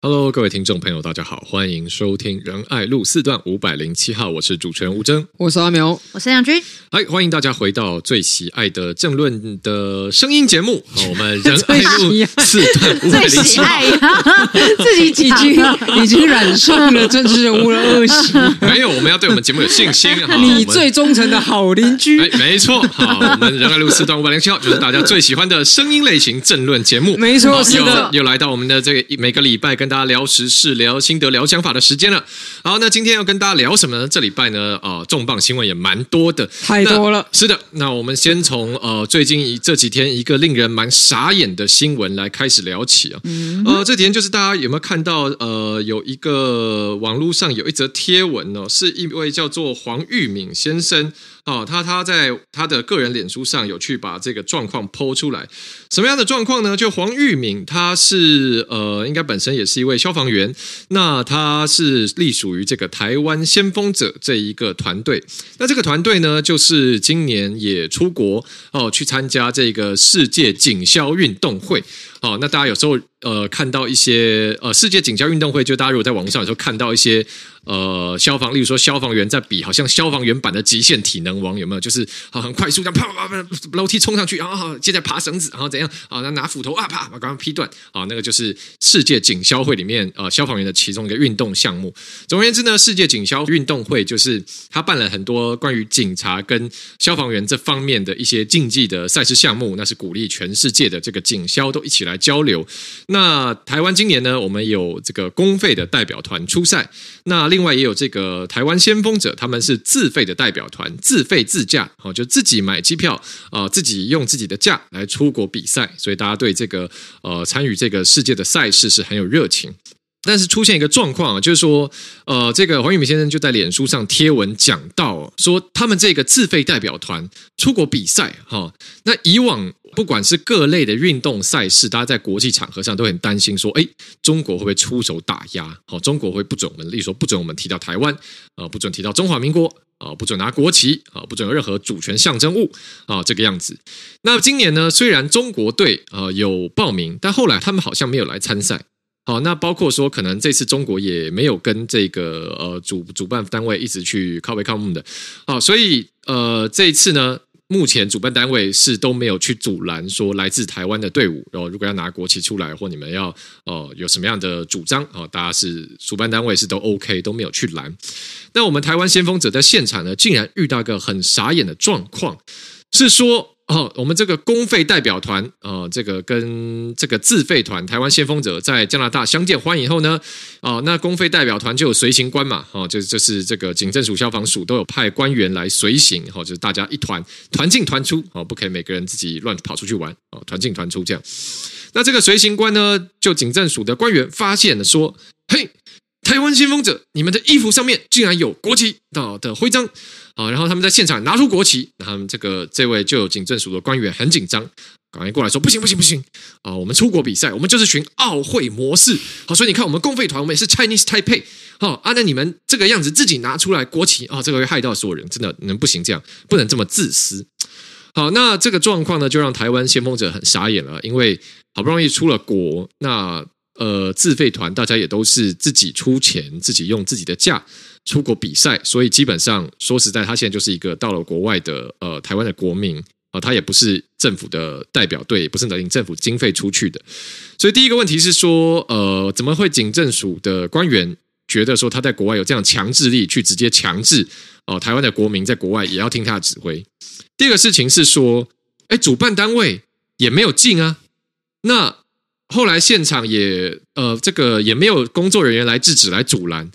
Hello，各位聽眾朋友，大家好，歡迎收聽仁愛路四段五百零七號，我是主持人吳崢。我是阿苗，我是楊軍，哎，歡迎大家回到最喜愛的政論的聲音節目。好，我們仁愛路四段五百零七號最喜愛最喜愛，啊，自己幾句 已，已經染上了政治人物的惡習， 沒有，我們要對我們節目有信心。你最忠誠的好鄰居，Hi, 沒錯。好， 我們仁愛路四段五百零七號就是大家最喜歡的聲音類型政論節目，沒錯，有好的，又來到我們的這個每個禮拜跟。跟大家聊時事、聊心得、聊想法的時間了。好，那今天要跟大家聊什麼呢？這禮拜呢，呃，重磅新聞也蠻多的，太多了。是的，那我們先從呃最近這幾天一個令人蠻傻眼的新聞來開始聊起啊。嗯、哼呃，這幾天就是大家有沒有看到？呃，有一個網絡上有一則貼文呢，哦，是一位叫做黃玉敏先生。哦，他他在他的個人臉書上有去把這個狀況 PO 出來，什麼樣的狀況呢？就黃玉明，他是呃，應該本身也是一位消防員，那他是隸屬於這個台灣先鋒者這一個團隊，那這個團隊呢，就是今年也出國哦，去參加這個世界警消運動會。哦，那大家有時候呃，看到一些呃世界警消運動會，就大家如果在網上有時候看到一些。呃，消防，例如說消防員在比，好像消防員版的極限體能王有沒有？就是很快速這樣啪啪啪樓梯衝上去，然後接着爬繩子，然後怎樣？啊，拿斧頭啊啪，把鋼管劈斷。啊，那個就是世界警消會裡面呃消防員的其中一個運動項目。總而言之呢，世界警消運動會就是他辦了很多關於警察跟消防員這方面的一些競技的賽事項目，那是鼓勵全世界的這個警消都一起來交流。那台灣今年呢，我們有這個公費的代表團出賽。那另外另外也有這個台灣先鋒者，他們是自費的代表團，自費自假。哦，就自己買機票啊、呃，自己用自己的假來出國比賽，所以大家對這個呃參與這個世界的賽事是很有熱情。但是出現一個狀況，啊，就是說，呃，這個黃玉平先生就在臉書上貼文講到，啊，說他們這個自費代表團出國比賽，哈、哦，那以往。不管是各類的運動賽事，大家在國際場合上都很擔心，說：哎，中國會不會出手打壓？好，中國會不准我們，例如說不准我們提到台灣，啊，不准提到中華民國，啊，不准拿國旗，啊，不准有任何主權象徵物，啊，這個樣子。那今年呢，雖然中國隊啊有報名，但後來他們好像沒有來參賽。好，那包括說，可能這次中國也沒有跟這個呃主主辦單位一直去靠北靠母的。好，所以呃這一次呢。目前主辦單位是都沒有去阻攔，說來自台灣的隊伍，然後如果要拿國旗出來或你們要哦、呃、有什麼樣的主張哦，大家是主辦單位是都 OK，都沒有去攔。那我們台灣先鋒者在現場呢，竟然遇到一個很傻眼的狀況，是說。哦，我們這個公費代表團，呃，這個跟這個自費團台灣先鋒者在加拿大相見歡以後呢，哦，那公費代表團就有隨行官嘛，哦，就就是這個警政署、消防署都有派官員來隨行，哦，就是大家一團團進團出，哦，不可以每個人自己亂跑出去玩，哦，團進團出這樣。那這個隨行官呢，就警政署的官員發現了說，嘿，台灣先鋒者，你們的衣服上面竟然有國旗的徽章，然後他們在現場拿出國旗，然後他們這個這位就有警政署的官員很緊張，趕快過來說：不行不行不行，啊，我們出國比賽，我們就是循奧會模式，好，所以你看我們公費團，我們也是 Chinese Taipei，好，啊，按照你們這個樣子自己拿出來國旗，啊，這個會害到所有人，真的，能不行，這樣不能這麼自私。好，那這個狀況呢，就讓台灣先鋒者很傻眼了，因為好不容易出了國，那。呃，自費團，大家也都是自己出錢，自己用自己的假出國比賽，所以基本上說實在，他現在就是一個到了國外的呃台灣的國民啊、呃，他也不是政府的代表隊，也不是領政府經費出去的。所以第一個問題是說，呃，怎麼會警政署的官員覺得說他在國外有這樣強制力，去直接強制哦、呃、台灣的國民在國外也要聽他的指揮？第二個事情是說，哎、欸，主辦單位也沒有禁啊，那。後來現場也呃這個也沒有工作人員來制止、來阻攔，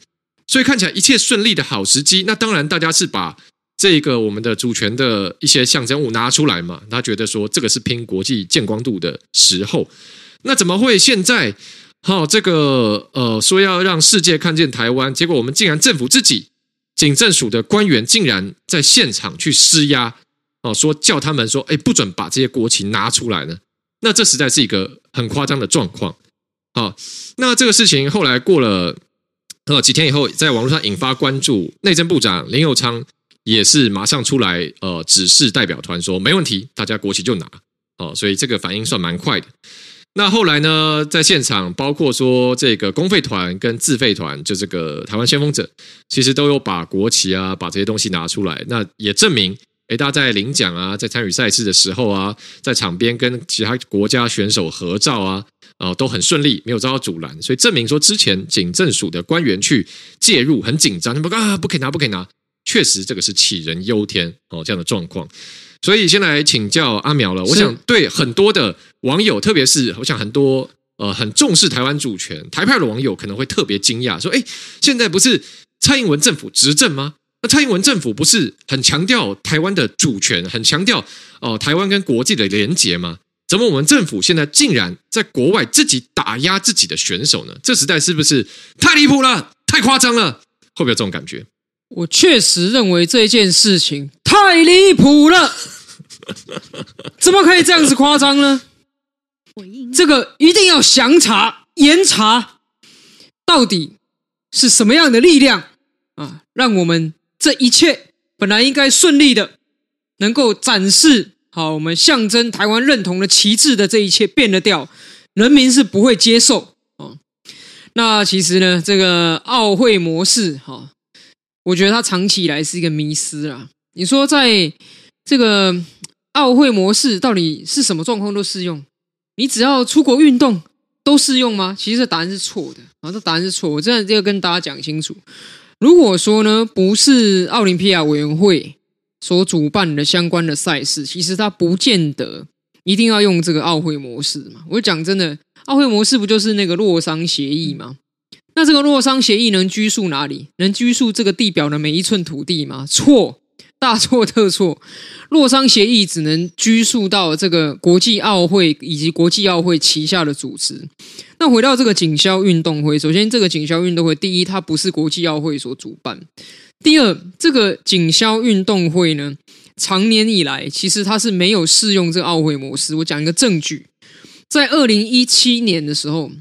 所以看起來一切順利的好時機。那當然大家是把這個我們的主權的一些象徵物拿出來嘛，他覺得說這個是拼國際見光度的時候。那怎麼會現在好、哦、這個呃說要讓世界看見台灣，結果我們竟然政府自己警政署的官員竟然在現場去施壓哦，說叫他們說哎不准把這些國旗拿出來呢。那這實在是一個很誇張的狀況，啊！那這個事情後來過了呃幾天以後，在網絡上引發關注，內政部長林右昌也是馬上出來呃指示代表團說沒問題，大家國旗就拿哦，所以這個反應算蠻快的。那後來呢，在現場包括說這個公費團跟自費團，就這個台灣先鋒者，其實都有把國旗啊把這些東西拿出來，那也證明。欸，大家在領獎啊，在參與賽事的時候啊，在場邊跟其他國家選手合照啊，哦、呃，都很順利，沒有遭到阻攔，所以證明說之前警政署的官員去介入很緊張，他們啊，不可以拿，不可以拿，確實這個是杞人憂天哦，這樣的狀況。所以先來請教阿苗了。是我想對很多的網友，特別是我想很多呃很重視台灣主權、台派的網友，可能會特別驚訝，說：哎、欸，現在不是蔡英文政府執政嗎？啊、蔡英文政府不是很強調台灣的主權，很強調哦台灣跟國際的連結嗎？怎麼我們政府現在竟然在國外自己打壓自己的選手呢？這時代是不是太離譜了？太誇張了？會不會有這種感覺？我確實認為這件事情太離譜了，怎麼可以這樣子誇張呢？這個一定要詳查嚴查，研查到底是什麼樣的力量啊，讓我們。這一切本來應該順利的，能夠展示好我們象徵台灣認同的旗幟的這一切，變了調，人民是不會接受啊。那其實呢，這個奧會模式哈，我覺得它長期以來是一個迷思啊。你說在這個奧會模式到底是什麼狀況都適用？你只要出國運動都適用嗎？其實答案是錯的啊，這答案是錯，我真的要跟大家講清楚。如果說呢，不是奧林匹亞委員會所主辦的相關的賽事，其實它不見得一定要用這個奧會模式嘛。我講真的，奧會模式不就是那個洛桑協議嗎？那這個洛桑協議能拘束哪裡？能拘束這個地表的每一寸土地嗎？錯。大錯特錯，洛桑協議只能拘束到這個國際奧會以及國際奧會旗下的組織。那回到這個警消運動會，首先，這個警消運動會，第一，它不是國際奧會所主辦；第二，這個警消運動會呢，長年以來其實它是沒有適用這個奧會模式。我講一個證據，在二零一七年的時候。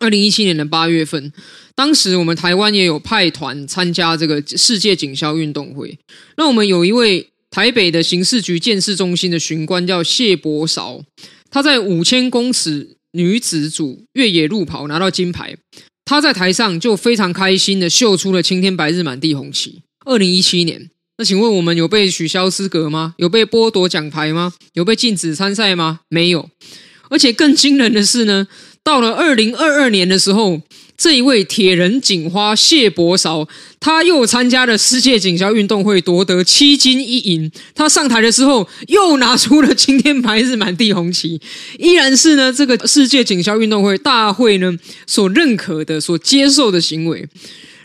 二零一七年的八月份，當時我們台灣也有派團參加這個世界警消運動會。那我們有一位台北的刑事局鑑識中心的巡官叫謝伯韶，他在五千公尺女子組越野路跑拿到金牌。他在台上就非常開心地秀出了青天白日滿地紅旗。二零一七年，那請問我們有被取消資格嗎？有被剝奪獎牌嗎？有被禁止參賽嗎？沒有。而且更驚人的是呢。到了二零二二年的時候，這一位鐵人警花謝博韶，她又參加了世界警消運動會，奪得七金一銀。她上台的時候，又拿出了青天白日滿地紅旗，依然是呢這個世界警消運動會大會呢所認可的、所接受的行為。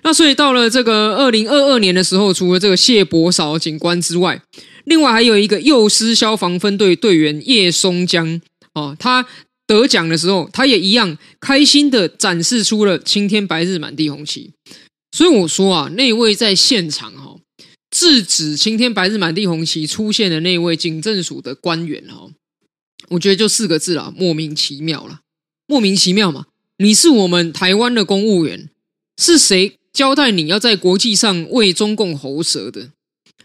那所以到了這個二零二二年的時候，除了這個謝博韶警官之外，另外還有一個幼獅消防分隊,隊隊員葉松江哦，他。得獎的時候，他也一樣開心地展示出了“青天白日滿地紅旗”。所以我說啊，那位在現場哈、哦、制止“青天白日滿地紅旗”出現的那位警政署的官員哈、哦，我覺得就四個字啊，莫名其妙啦，莫名其妙嘛！你是我們台灣的公務員，是誰交代你要在國際上為中共喉舌的？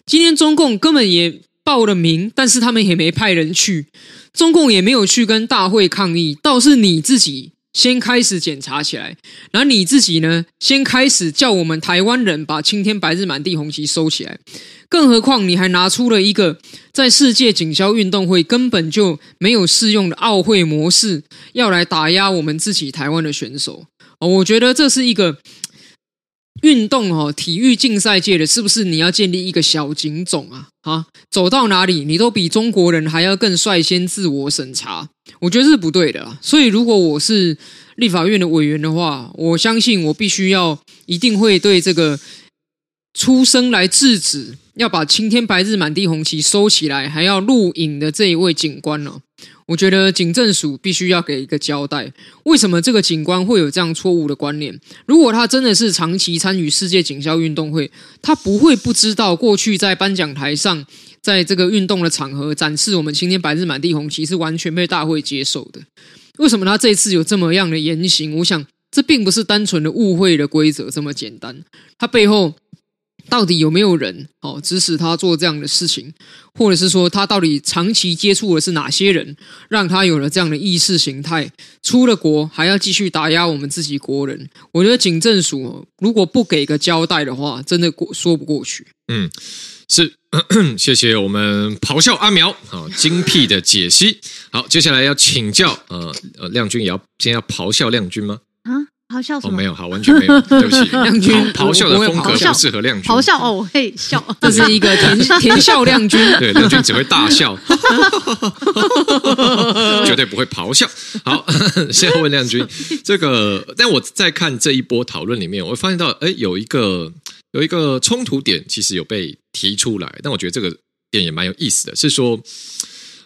今天中共根本也報了名，但是他們也沒派人去。中共也沒有去跟大會抗議，倒是你自己先開始檢查起來，然後你自己呢，先開始叫我們台灣人把青天白日滿地紅旗收起來，更何況你還拿出了一個在世界警消運動會根本就沒有適用的奧會模式，要來打壓我們自己台灣的選手，我覺得這是一個。運動哦，體育競賽界的是不是你要建立一個小警總啊？哈、啊，走到哪裡你都比中國人還要更率先自我審查，我覺得是不對的，啊、所以如果我是立法院的委員的話，我相信我必須要一定會對這個出聲來制止，要把青天白日滿地紅旗收起來，還要錄影的這一位警官哦、啊。我覺得警政署必須要給一個交代，為什麼這個警官會有這樣錯誤的觀念？如果他真的是長期參與世界警消運動會，他不會不知道過去在頒獎台上，在這個運動的場合展示我們青天白日滿地紅旗是完全被大會接受的。為什麼他這次有這麼樣的言行？我想這並不是單純的誤會的規則這麼簡單，他背後。到底有沒有人哦指使他做這樣的事情，或者是說他到底長期接觸的是哪些人，讓他有了這樣的意識形態？出了國還要繼續打壓我們自己國人，我覺得警政署如果不給個交代的話，真的過，說不過去。嗯，是咳咳，謝謝我們咆哮阿苗啊，精闢的解析。好，接下來要請教呃呃亮君，也要先要咆哮亮君嗎？啊。咆哮？笑哦，沒有，好，完全沒有，對不起。亮君，咆哮的風格不適合亮君。咆哮？哦，我會笑。這是一個甜甜笑亮君， 對，亮君只會大笑， 絕對不會咆哮。好， 先要問亮君。這個，但我在看這一波討論裡面，我會發現到，哎、欸，有一個有一個衝突點，其實有被提出來。但我覺得這個點也蠻有意思的，是說，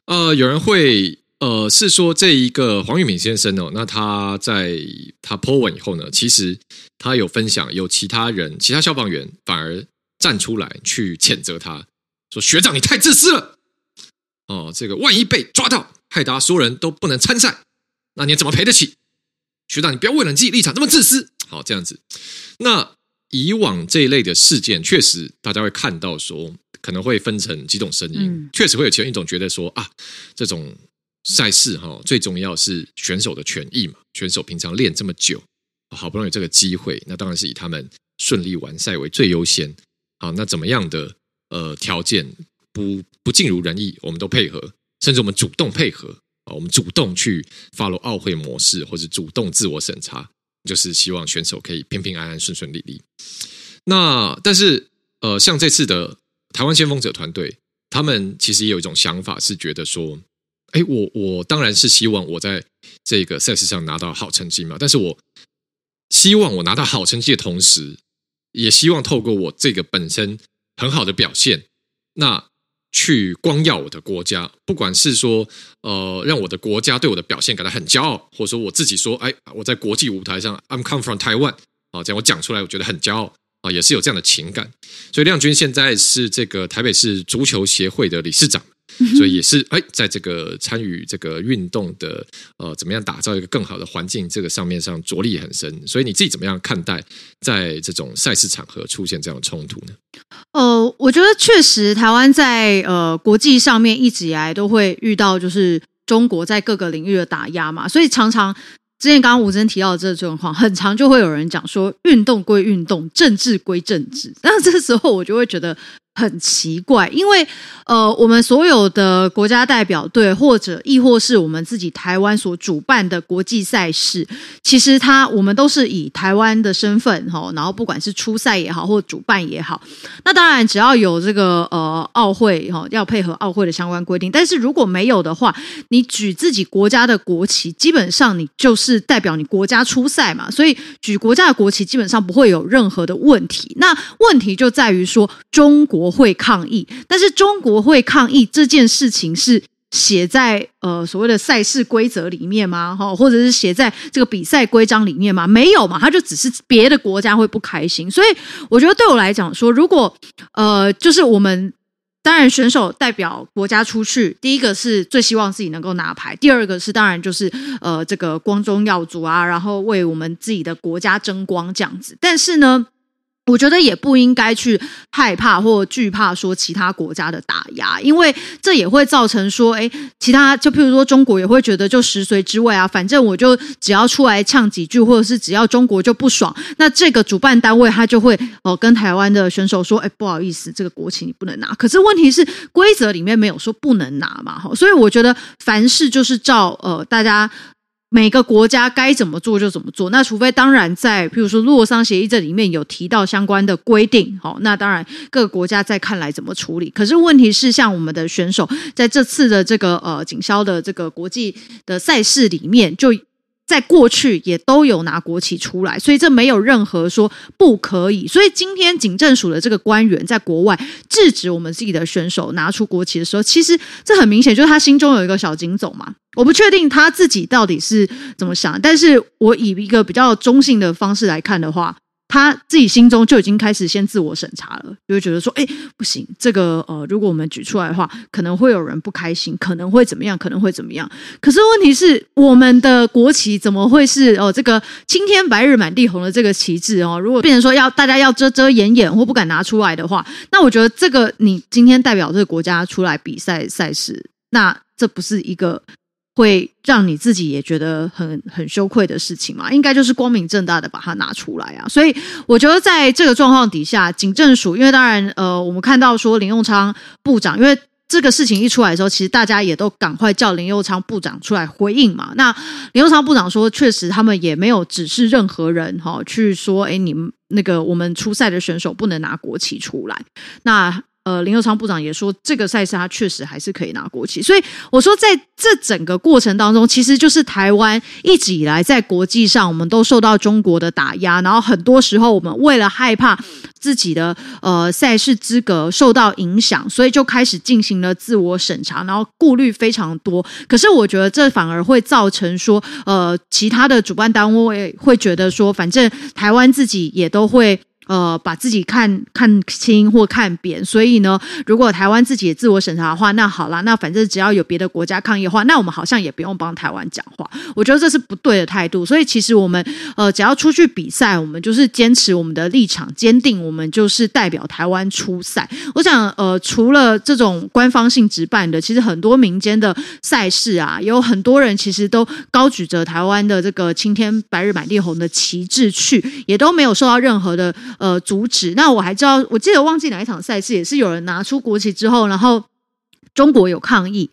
呃，有人會。呃，是說這一個黃玉敏先生哦，那他在他 po 文以後呢，其實他有分享，有其他人，其他消防員反而站出來去譴責他，說學長你太自私了。哦，這個萬一被抓到，害得大家所有人都不能參賽，那你怎麼賠得起？學長你不要為了你自己立場這麼自私。好，這樣子，那以往這一類的事件，確實大家會看到說，可能會分成幾種聲音，嗯、確實會有其中一種覺得說啊，這種。賽事哈，最重要是選手的權益嘛。選手平常練這麼久，好不容易有這個機會，那當然是以他們順利完賽為最優先。啊，那怎麼樣的呃條件不不盡如人意，我們都配合，甚至我們主動配合啊，我們主動去 follow 奧會模式，或者主動自我審查，就是希望選手可以平平安安、順順利利。那但是呃，像這次的台灣先鋒者團隊，他們其實也有一種想法，是覺得說。哎，我我當然是希望我在這個賽事上拿到好成績嘛。但是我希望我拿到好成績的同時，也希望透過我這個本身很好的表現，那去光耀我的國家。不管是說，呃，讓我的國家對我的表現感到很驕傲，或者說我自己說，哎，我在國際舞台上，I'm come from Taiwan，這樣我講出來，我覺得很驕傲啊，也是有這樣的情感。所以，亮君現在是這個台北市足球協會的理事長。嗯、所以也是哎，在這個參與這個運動的呃，怎麼樣打造一個更好的環境，這個上面上着力很深。所以你自己怎麼樣看待在這種賽事場合出現這樣的衝突呢？呃，我覺得確實台灣在呃國際上面一直以來都會遇到，就是中國在各個領域的打壓嘛。所以常常之前剛剛吳崢提到的這種情況，很常就會有人講說，運動歸運動，政治歸政治。那這時候我就會覺得，很奇怪，因為呃，我們所有的國家代表隊，或者亦或是我們自己台灣所主辦的國際賽事，其實它我們都是以台灣的身份齁，然後不管是出賽也好，或主辦也好，那當然只要有這個呃奧會齁，要配合奧會的相關規定。但是如果沒有的話，你舉自己國家的國旗，基本上你就是代表你國家出賽嘛，所以舉國家的國旗基本上不會有任何的問題。那問題就在於說中國，國會抗議，但是中國會抗議這件事情是寫在呃所謂的賽事規則裡面嗎？哈，或者是寫在這個比賽規章裡面嗎？沒有嘛，他就只是別的國家會不開心。所以我覺得對我來講說，如果呃，就是我們當然選手代表國家出去，第一個是最希望自己能夠拿牌，第二個是當然就是呃這個光宗耀祖啊，然後為我們自己的國家爭光這樣子。但是呢，我覺得也不應該去害怕或懼怕說其他國家的打壓，因為這也會造成說，誒其他就譬如說中國也會覺得，就食髓知味啊，反正我就只要出來嗆幾句，或者是只要中國就不爽，那這個主辦單位他就會哦、呃、跟台灣的選手說，誒不好意思，這個國旗你不能拿。可是問題是規則裡面沒有說不能拿嘛，哈，所以我覺得凡事就是照呃大家。每個國家該怎麼做就怎麼做，那除非當然在，比如說洛桑協議這裡面有提到相關的規定，好，那當然各個國家在看來怎麼處理。可是問題是，像我們的選手在這次的這個呃警消的這個國際的賽事裡面就。在過去也都有拿國旗出來，所以這沒有任何說不可以。所以今天警政署的這個官員在國外制止我們自己的選手拿出國旗的時候，其實這很明顯就是他心中有一個小警總嘛。我不確定他自己到底是怎麼想，但是我以一個比較中性的方式來看的話。他自己心中就已經開始先自我審查了，就會覺得說，哎、欸，不行，這個呃，如果我們舉出來的話，可能會有人不開心，可能會怎麼樣，可能會怎麼樣。可是問題是，我們的國旗怎麼會是哦、呃、這個青天白日滿地紅的這個旗幟哦、呃？如果變成說要大家要遮遮掩掩或不敢拿出來的話，那我覺得這個你今天代表這個國家出來比賽賽事，那這不是一個。會讓你自己也覺得很很羞愧的事情嘛？應該就是光明正大的把它拿出來啊！所以我覺得在這個狀況底下，警政署，因為當然，呃，我們看到說林右昌部長，因為這個事情一出來的時候，其實大家也都趕快叫林右昌部長出來回應嘛。那林右昌部長說，確實他們也沒有指示任何人哈、哦、去說，哎，你們那個我們出賽的選手不能拿國旗出來。那呃，林右昌部長也說，這個賽事他確實還是可以拿國旗。所以我說，在這整個過程當中，其實就是台灣一直以來在國際上，我們都受到中國的打壓，然後很多時候我們為了害怕自己的呃賽事資格受到影響，所以就開始進行了自我審查，然後顧慮非常多。可是我覺得這反而會造成說，呃，其他的主辦單位會覺得說，反正台灣自己也都會。呃，把自己看看清或看扁，所以呢，如果台灣自己也自我審查的話，那好啦，那反正只要有別的國家抗議的話，那我們好像也不用幫台灣講話。我覺得這是不對的態度。所以其實我們，呃，只要出去比賽，我們就是堅持我們的立場，堅定我們就是代表台灣出賽。我想，呃，除了這種官方性直辦的，其實很多民間的賽事啊，有很多人其實都高舉着台灣的這個“青天白日滿地紅”的旗幟去，也都沒有受到任何的。呃，阻止。那我還知道，我記得忘記哪一場賽事也是有人拿出國旗之後，然後中國有抗議，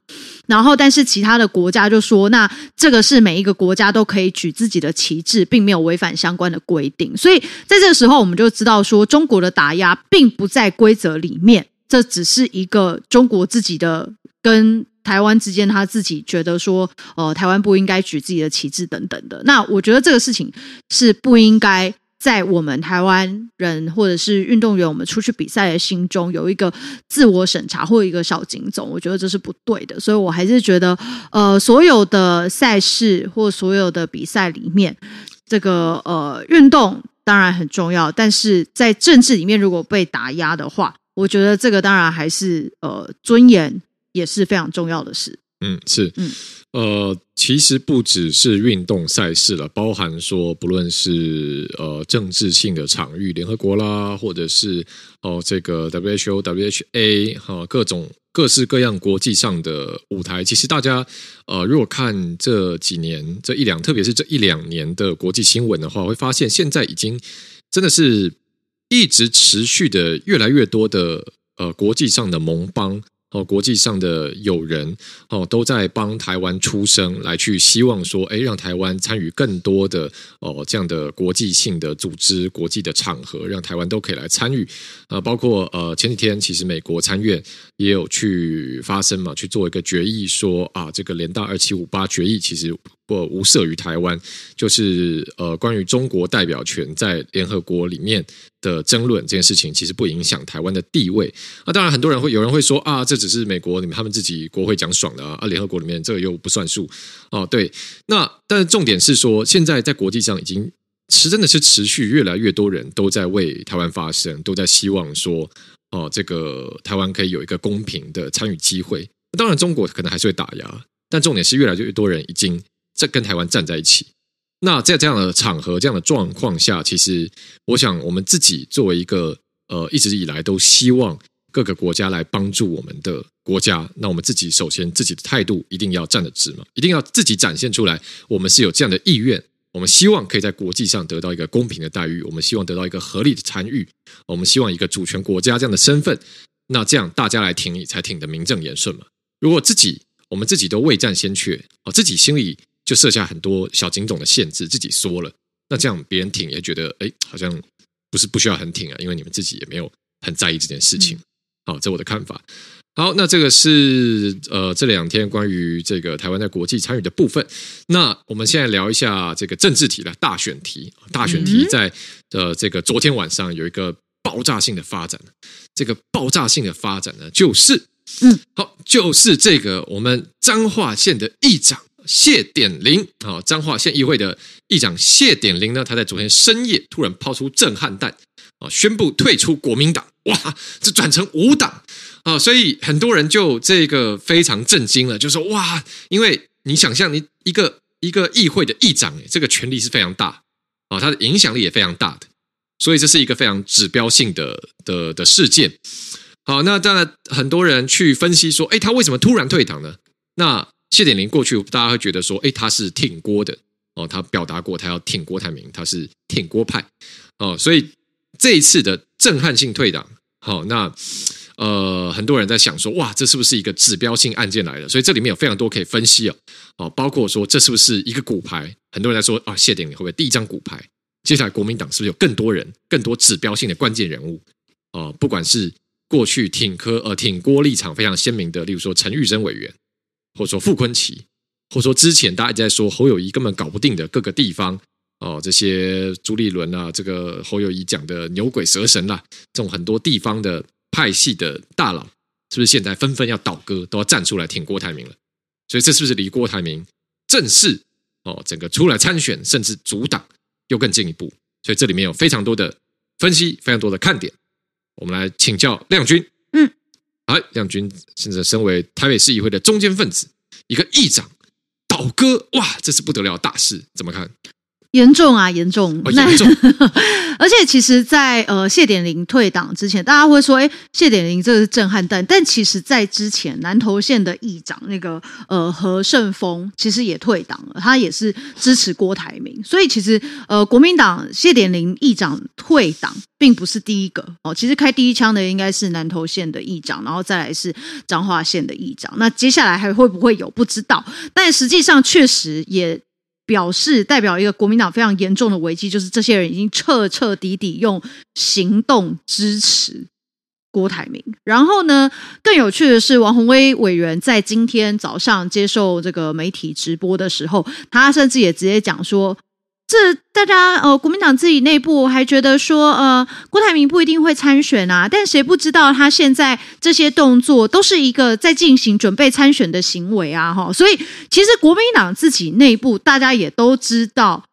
然後但是其他的國家就說，那這個是每一個國家都可以舉自己的旗幟，並沒有違反相關的規定。所以在這個時候，我們就知道說，中國的打壓並不在規則裡面，這只是一個中國自己的跟台灣之間他自己覺得說，呃，台灣不應該舉自己的旗幟等等的。那我覺得這個事情是不應該。在我們台灣人或者是運動員，我們出去比賽的心中有一個自我審查或一個小警總，我覺得這是不對的。所以我還是覺得，呃，所有的賽事或所有的比賽裡面，這個呃運動當然很重要，但是在政治裡面如果被打壓的話，我覺得這個當然還是呃尊嚴也是非常重要的事。嗯，是，嗯，呃，其實不只是運動賽事了，包含說不論是呃政治性的場域，聯合國啦，或者是哦、呃、這個 WHO、WHA 哈、呃，各種各式各樣國際上的舞台，其實大家呃，如果看這幾年、這一兩，特別是這一兩年的國際新聞的話，會發現現在已經真的是一直持續的越來越多的呃國際上的盟邦。哦，國際上的友人哦，都在幫台灣出聲，來去希望說，哎，讓台灣參與更多的哦，這樣的國際性的組織、國際的場合，讓台灣都可以來參與。呃，包括呃前幾天，其實美國參院也有去發聲嘛，去做一個決議說，說啊，這個聯大二七五八決議，其實。或無涉於台灣，就是呃，關於中國代表權在聯合國裡面的爭論這件事情，其實不影響台灣的地位、啊。那當然，很多人會有人會說啊，這只是美國他們自己國會講爽的啊，啊，聯合國裡面這個又不算數哦、啊。對，那但是重點是說，現在在國際上已經是真的是持續越來越多人都在為台灣發聲，都在希望說哦、啊，這個台灣可以有一個公平的參與機會。當然，中國可能還是會打壓，但重點是越來越多人已經。在跟台灣站在一起，那在這樣的場合、這樣的狀況下，其實我想，我們自己作為一個呃一直以來都希望各個國家來幫助我們的國家，那我們自己首先自己的態度一定要站得直嘛，一定要自己展現出來，我們是有這樣的意願，我們希望可以在國際上得到一個公平的待遇，我們希望得到一個合理的參與，我們希望一個主權國家這樣的身份，那這樣大家來挺你才挺得名正言順嘛。如果自己我們自己都未戰先怯哦，自己心裡。就設下很多小警總的限制，自己說了，那這樣別人挺也覺得，哎，好像不是不需要很挺啊，因為你們自己也沒有很在意這件事情。好、嗯哦，這我的看法。好，那這個是呃這兩天關於這個台灣在國際參與的部分。那我們現在聊一下這個政治題了，大選題，大選題在、嗯、呃這個昨天晚上有一個爆炸性的發展，這個爆炸性的發展呢，就是嗯，好，就是這個我們彰化縣的議長。謝典林啊，彰化縣議會的議長謝典林呢，他在昨天深夜突然拋出震撼彈啊，宣布退出國民黨。哇，這轉成無黨啊！所以很多人就這個非常震驚了，就說哇，因為你想象你一個一個議會的議長，這個權力是非常大啊，他的影響力也非常大的，所以這是一個非常指標性的的的事件。好、啊，那當然很多人去分析說，哎，他為什麼突然退黨呢？那謝典林過去，大家會覺得說，誒、欸，他是挺郭的哦，他表達過，他要挺郭台銘，他是挺郭派哦，所以這一次的震撼性退黨，好、哦，那呃，很多人在想說，哇，這是不是一個指標性案件來的？所以這裡面有非常多可以分析啊、哦哦，包括說這是不是一個骨牌，很多人在說啊，謝典林會不會第一張骨牌，接下來國民黨是不是有更多人、更多指標性的關鍵人物啊、哦？不管是過去挺柯呃挺郭立場非常鮮明的，例如說陳玉珍委員。或者說傅崐萁，或者說之前大家一直在說侯友宜根本搞不定的各個地方哦，這些朱立倫啊，這個侯友宜講的牛鬼蛇神啊，這種很多地方的派系的大佬，是不是現在紛紛要倒戈，都要站出來挺郭台銘了？所以這是不是離郭台銘正式哦整個出來參選，甚至組黨又更進一步？所以這裡面有非常多的分析，非常多的看點，我們來請教亮君。嗯。欸，亮君現在身為台北市議會的中堅分子，一個議長倒戈，哇，這是不得了的大事，怎麼看？嚴重啊，嚴重！哎、呦那中呵呵，而且其實在，在呃謝典林退黨之前，大家會說，誒，謝典林這是震撼彈。但其實，在之前南投縣的議長那個呃何勝峰其實也退黨了，他也是支持郭台銘。所以其實呃國民黨謝典林議長退黨，並不是第一個哦。其實開第一槍的應該是南投縣的議長，然後再來是彰化縣的議長。那接下來還會不會有不知道？但實際上確實也。表示代表一個國民黨非常嚴重的危機，就是這些人已經徹徹底底用行動支持郭台銘。然後呢，更有趣的是，王鴻薇委員在今天早上接受這個媒體直播的時候，他甚至也直接講說。是大家呃，國民黨自己內部還覺得說，呃，郭台銘不一定會參選啊。但誰不知道他現在這些動作都是一個在進行準備參選的行為啊？哈、哦，所以其實國民黨自己內部大家也都知道，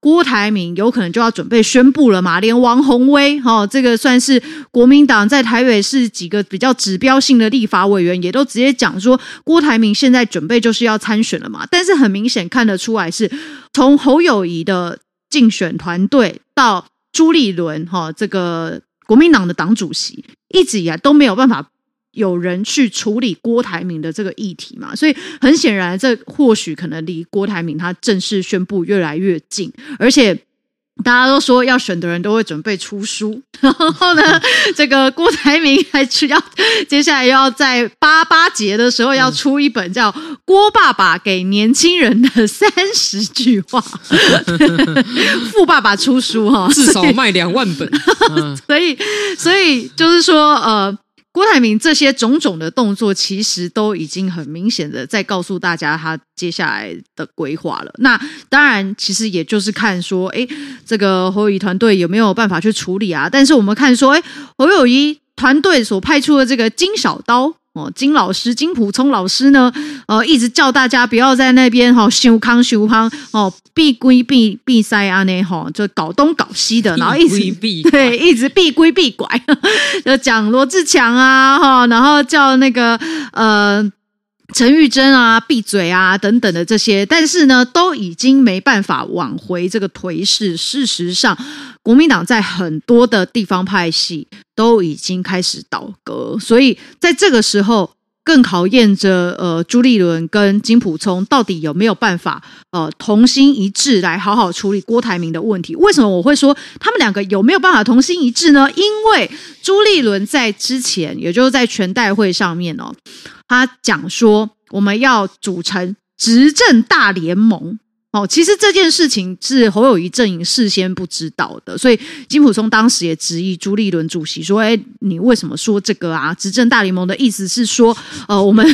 郭台銘有可能就要準備宣布了嘛。連王鴻薇哈、哦，這個算是國民黨在台北市幾個比較指標性的立法委員，也都直接講說，郭台銘現在準備就是要參選了嘛。但是很明顯看得出來是。從侯友宜的競選團隊到朱立倫哈，這個國民黨的黨主席，一直以來都沒有辦法有人去處理郭台銘的這個議題嘛，所以很顯然，這或許可能離郭台銘他正式宣布越來越近，而且。大家都說要選的人都會準備出書，然後呢，這個郭台銘還是要接下來要在八八節的時候要出一本叫《郭爸爸給年輕人的三十句話》，富、嗯、爸爸出書哈，至少賣兩萬本，嗯、所以所以就是說呃。郭台銘這些種種的動作，其實都已經很明顯的在告訴大家他接下來的規劃了。那當然，其實也就是看說，誒、欸，這個侯友宜團隊有沒有辦法去處理啊？但是我們看說，誒、欸，侯友宜團隊所派出的這個金小刀。哦，金老師，金溥聰老師呢？呃，一直叫大家不要在那邊哈，修康修康哦，避規避避塞啊，那、哦、哈就搞東搞西的，然後一直比比對，一直避規避拐， 就講羅智強啊哈、哦，然後叫那個呃。陳玉珍啊，閉嘴啊，等等的這些，但是呢，都已經沒辦法挽回這個頹勢。事實上，國民黨在很多的地方派系都已經開始倒戈，所以在這個時候。更考驗着呃、朱立倫跟金溥聰到底有沒有辦法呃、同心一致來好好處理郭台銘的問題？為什麼我會說他們兩個有沒有辦法同心一致呢？因為朱立倫在之前，也就是在全代會上面哦，他講說，我們要組成執政大聯盟。哦，其實這件事情是侯友宜陣營事先不知道的，所以金溥聰當時也質疑朱立倫主席說：“哎，你為什麼說這個啊？執政大聯盟的意思是說，呃，我們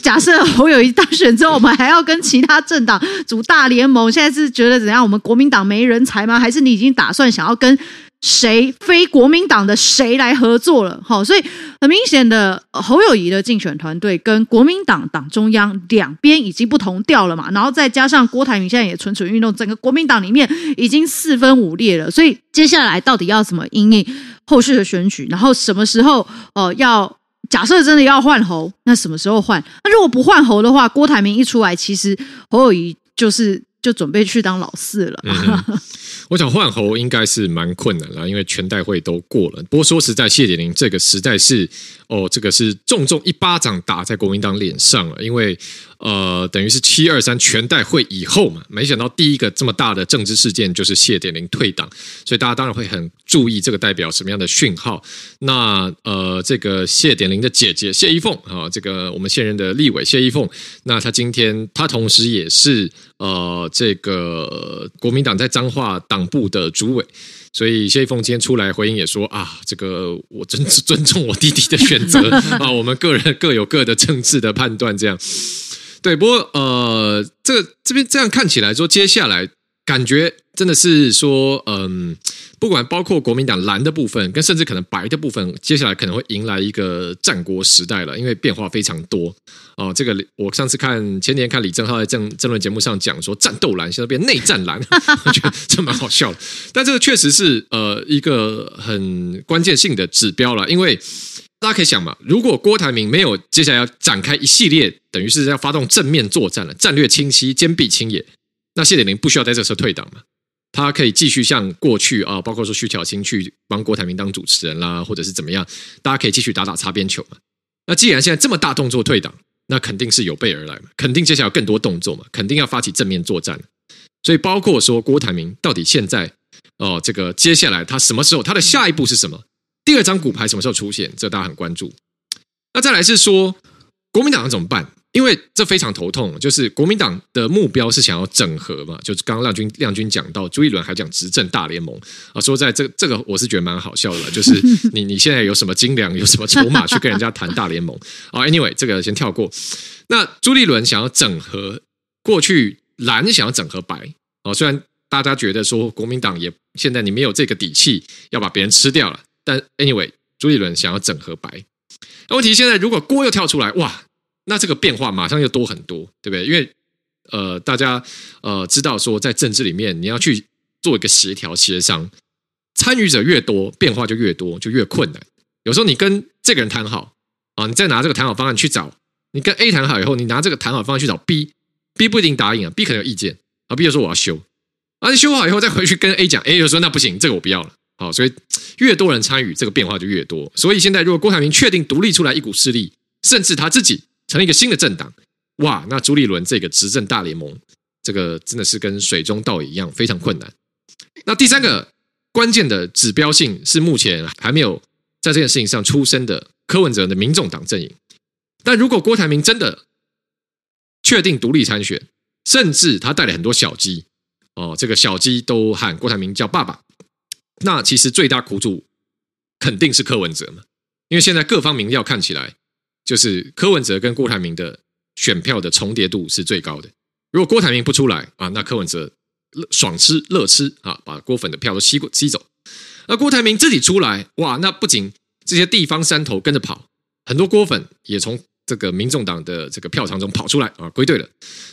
假設侯友宜當選之後，我們還要跟其他政黨組大聯盟。現在是覺得怎樣？我們國民黨沒人才嗎？還是你已經打算想要跟？”誰非國民黨的誰來合作了？吼、哦，所以很明顯的，侯友宜的競選團隊跟國民黨黨中央兩邊已經不同調了嘛。然後再加上郭台銘現在也蠢蠢欲動，整個國民黨裡面已經四分五裂了。所以接下來到底要怎麼因應後續的選舉？然後什麼時候哦、呃，要假設真的要換侯，那什麼時候換？那如果不換侯的話，郭台銘一出來，其實侯友宜就是。就準備去當老四了，嗯。我想換侯應該是蠻困難了，因為全代會都過了。不過說實在，謝典林這個實在是，哦，這個是重重一巴掌打在國民黨臉上了，因為。呃，等於是七二三全代會以後嘛，沒想到第一個這麼大的政治事件就是謝典林退黨，所以大家當然會很注意這個代表什麼樣的訊號。那呃，這個謝典林的姐姐謝一鳳啊、哦，這個我們現任的立委謝一鳳，那她今天她同時也是呃這個國民黨在彰化黨部的主委，所以謝一鳳今天出來回應也說啊，這個我尊尊重我弟弟的選擇 啊，我們個人各有各的政治的判斷這樣。對，不過呃，這這邊這樣看起來說，說接下來感覺真的是說，嗯、呃，不管包括國民黨藍的部分，跟甚至可能白的部分，接下來可能會迎來一個戰國時代了，因為變化非常多。哦、呃，這個我上次看前年看李正皓在政政論節目上講說，戰鬥藍現在變內戰藍，我 覺得這蠻好笑的。但這個確實是呃一個很關鍵性的指標了，因為。大家可以想嘛，如果郭台銘沒有接下來要展開一系列，等於是要發動正面作戰了，戰略清晰，堅壁清野，那謝典林不需要在這時候退黨嘛？他可以繼續像過去啊、哦，包括說徐巧芯去幫郭台銘當主持人啦，或者是怎麼樣？大家可以繼續打打擦邊球嘛。那既然現在這麼大動作退黨，那肯定是有備而來嘛，肯定接下來有更多動作嘛，肯定要發起正面作戰。所以包括說郭台銘到底現在哦，這個接下來他什麼時候，他的下一步是什麼？第二張骨牌什麼時候出現？這個、大家很關注。那再來是說，國民黨要怎麼辦？因為這非常頭痛。就是國民黨的目標是想要整合嘛，就是剛剛亮君亮君講到，朱立倫還講執政大聯盟啊，說在這個、這個我是覺得蠻好笑的，就是你你現在有什麼斤兩，有什麼籌碼去跟人家談大聯盟啊、 oh、？Anyway，這個先跳過。那朱立倫想要整合過去藍，想要整合白哦，雖然大家覺得說國民黨也現在你沒有這個底氣要把別人吃掉了。但 anyway，朱立倫想要整合白，問題現在如果柯又跳出來，哇，那這個變化馬上又多很多，對不對？因為呃，大家呃知道說，在政治裡面，你要去做一個協調協商，參與者越多，變化就越多，就越困難。有時候你跟這個人談好啊，你再拿這個談好方案去找你跟 A 談好以後，你拿這個談好方案去找 B，B 不一定答應啊，B 可能有意見啊，B 又說我要修，啊，你修好以後再回去跟 A 講，A 又說那不行，這個我不要了，好，所以越多人參與，這個變化就越多。所以現在，如果郭台銘確定獨立出來一股勢力，甚至他自己成立一個新的政黨，哇，那朱立倫這個執政大聯盟，這個真的是跟水中倒影一樣，非常困難。那第三個關鍵的指標性是目前還沒有在這件事情上出聲的柯文哲的民眾黨陣營。但如果郭台銘真的確定獨立參選，甚至他帶了很多小雞，哦，這個小雞都喊郭台銘叫爸爸。那其實最大苦主肯定是柯文哲嘛，因為現在各方民調看起來，就是柯文哲跟郭台銘的選票的重疊度是最高的。如果郭台銘不出來啊，那柯文哲樂爽吃樂吃啊，把郭粉的票都吸過吸走。而郭台銘自己出來哇，那不僅這些地方山頭跟着跑，很多郭粉也從。這個民眾黨的這個票倉中跑出來啊，歸隊了，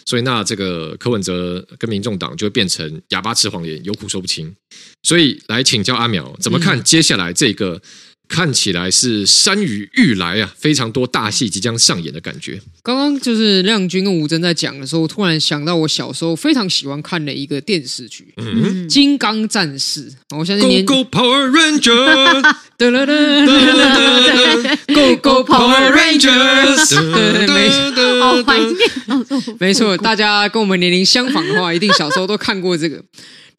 所以那這個柯文哲跟民眾黨就會變成啞巴吃黃連，有苦說不清，所以來請教阿苗怎麼看接下來這個。看起來是山雨欲來啊，非常多大戲即將上演的感覺。剛剛就是亮君跟吳尊在講的時候，我突然想到我小時候非常喜歡看的一個電視劇，嗯哼《金剛戰士》。我相信你 go，Go Power Rangers！Go Power Rangers！好懷念，噠噠沒錯，噠噠，大家跟我們年齡相仿的話， 一定小時候都看過這個。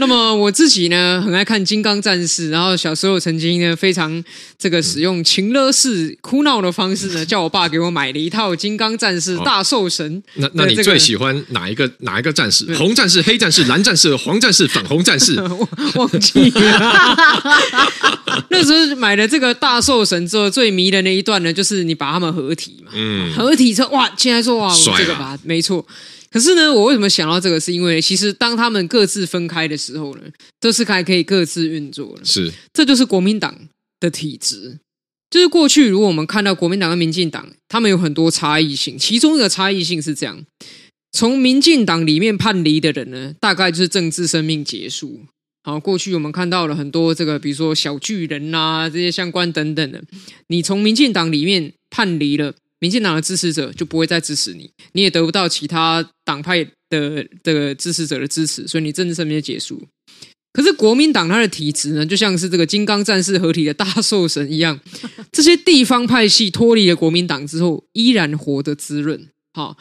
那麼我自己呢，很愛看《金剛戰士》，然後小時候曾經呢，非常這個使用情勒式哭鬧的方式呢，叫我爸給我買了一套《金剛戰士大獸神、這個》哦。那那你最喜歡哪一個哪一個戰士？對紅戰士、黑戰士、藍戰士、黃戰士、粉紅戰士 忘？忘記了。 那時候買了這個大獸神之後，最迷的那一段呢，就是你把他們合體嘛，嗯，合體之後哇，現在說哇，啊、我這個吧，沒錯。可是呢，我為什麼想到這個？是因為其實當他們各自分開的時候呢，這次還可以各自運作了。是，這就是國民黨的體質。就是過去如果我們看到國民黨和民進黨，他們有很多差異性。其中一個差異性是這樣：從民進黨裡面叛離的人呢，大概就是政治生命結束。好，過去我們看到了很多這個，比如說小巨人吶、啊，這些相關等等的。你從民進黨裡面叛離了。民進黨的支持者就不會再支持你，你也得不到其他黨派的，的，的支持者的支持，所以你政治上面就結束。可是國民黨它的體質呢，就像是這個金剛戰士合體的大獸神一樣，這些地方派系脫離了國民黨之後，依然活得滋潤。哈、哦，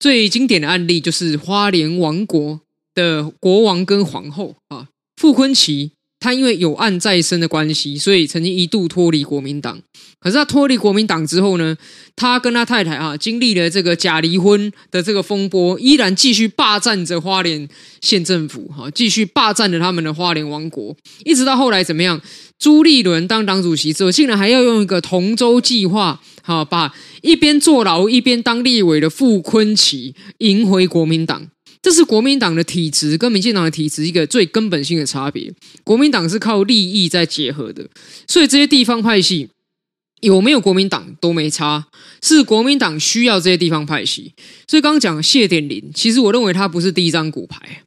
最經典的案例就是花蓮王國的國王跟皇後啊，傅崐萁。他因為有案在身的關係，所以曾經一度脫離國民黨。可是他脫離國民黨之後呢，他跟他太太啊，經歷了這個假離婚的這個風波，依然繼續霸佔着花蓮縣政府哈、啊，繼續霸占着他們的花蓮王國。一直到後來怎麼樣？朱立倫當黨主席之後，竟然還要用一個同舟計劃，好、啊、把一邊坐牢一邊當立委的傅崐萁迎回國民黨。這是國民黨的體質跟民進黨的體質一個最根本性的差別。國民黨是靠利益在結合的，所以這些地方派系有沒有國民黨都沒差，是國民黨需要這些地方派系。所以剛剛講謝典林，其實我認為他不是第一張骨牌，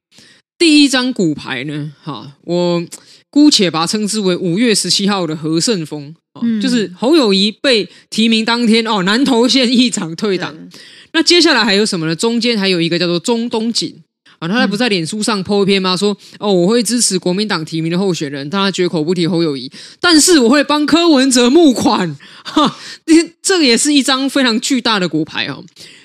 第一張骨牌呢，哈，我姑且把它稱之為五月十七號的何勝豐，就是侯友宜被提名當天哦，南投縣議長退黨。那接下來還有什麼呢？中間還有一個叫做鍾東錦啊，他還不在臉書上 PO 一篇嗎？說哦，我會支持國民黨提名的候選人，但他絕口不提侯友宜，但是我會幫柯文哲募款。哈、啊，這個也是一張非常巨大的骨牌啊。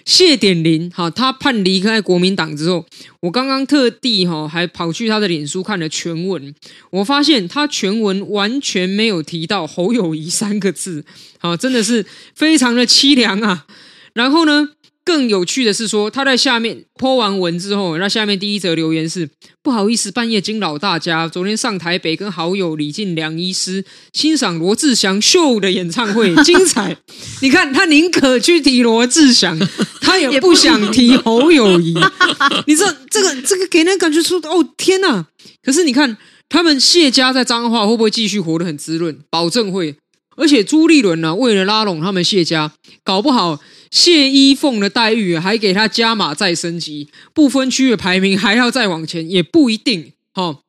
謝典林哈、啊，他叛離開國民黨之後，我剛剛特地哈、啊、還跑去他的臉書看了全文，我發現他全文完全沒有提到侯友宜三個字，好、啊，真的是非常的淒涼啊。然後呢？更有趣的是說，說他在下面潑完文之後，那下面第一則留言是：“不好意思，半夜驚擾大家。昨天上台北跟好友李進良醫師欣賞羅志祥秀的演唱會，精彩。 你看他寧可去提羅志祥，他也不想提侯友宜。 你知道這個這個給人感覺說，哦天吶、啊！可是你看他們謝家在彰化會不會繼續活得很滋潤？保證會。而且朱立倫呢、啊，為了拉攏他們謝家，搞不好。”謝衣鳳的待遇還給他加碼再升級，不分區的排名還要再往前，也不一定。哦。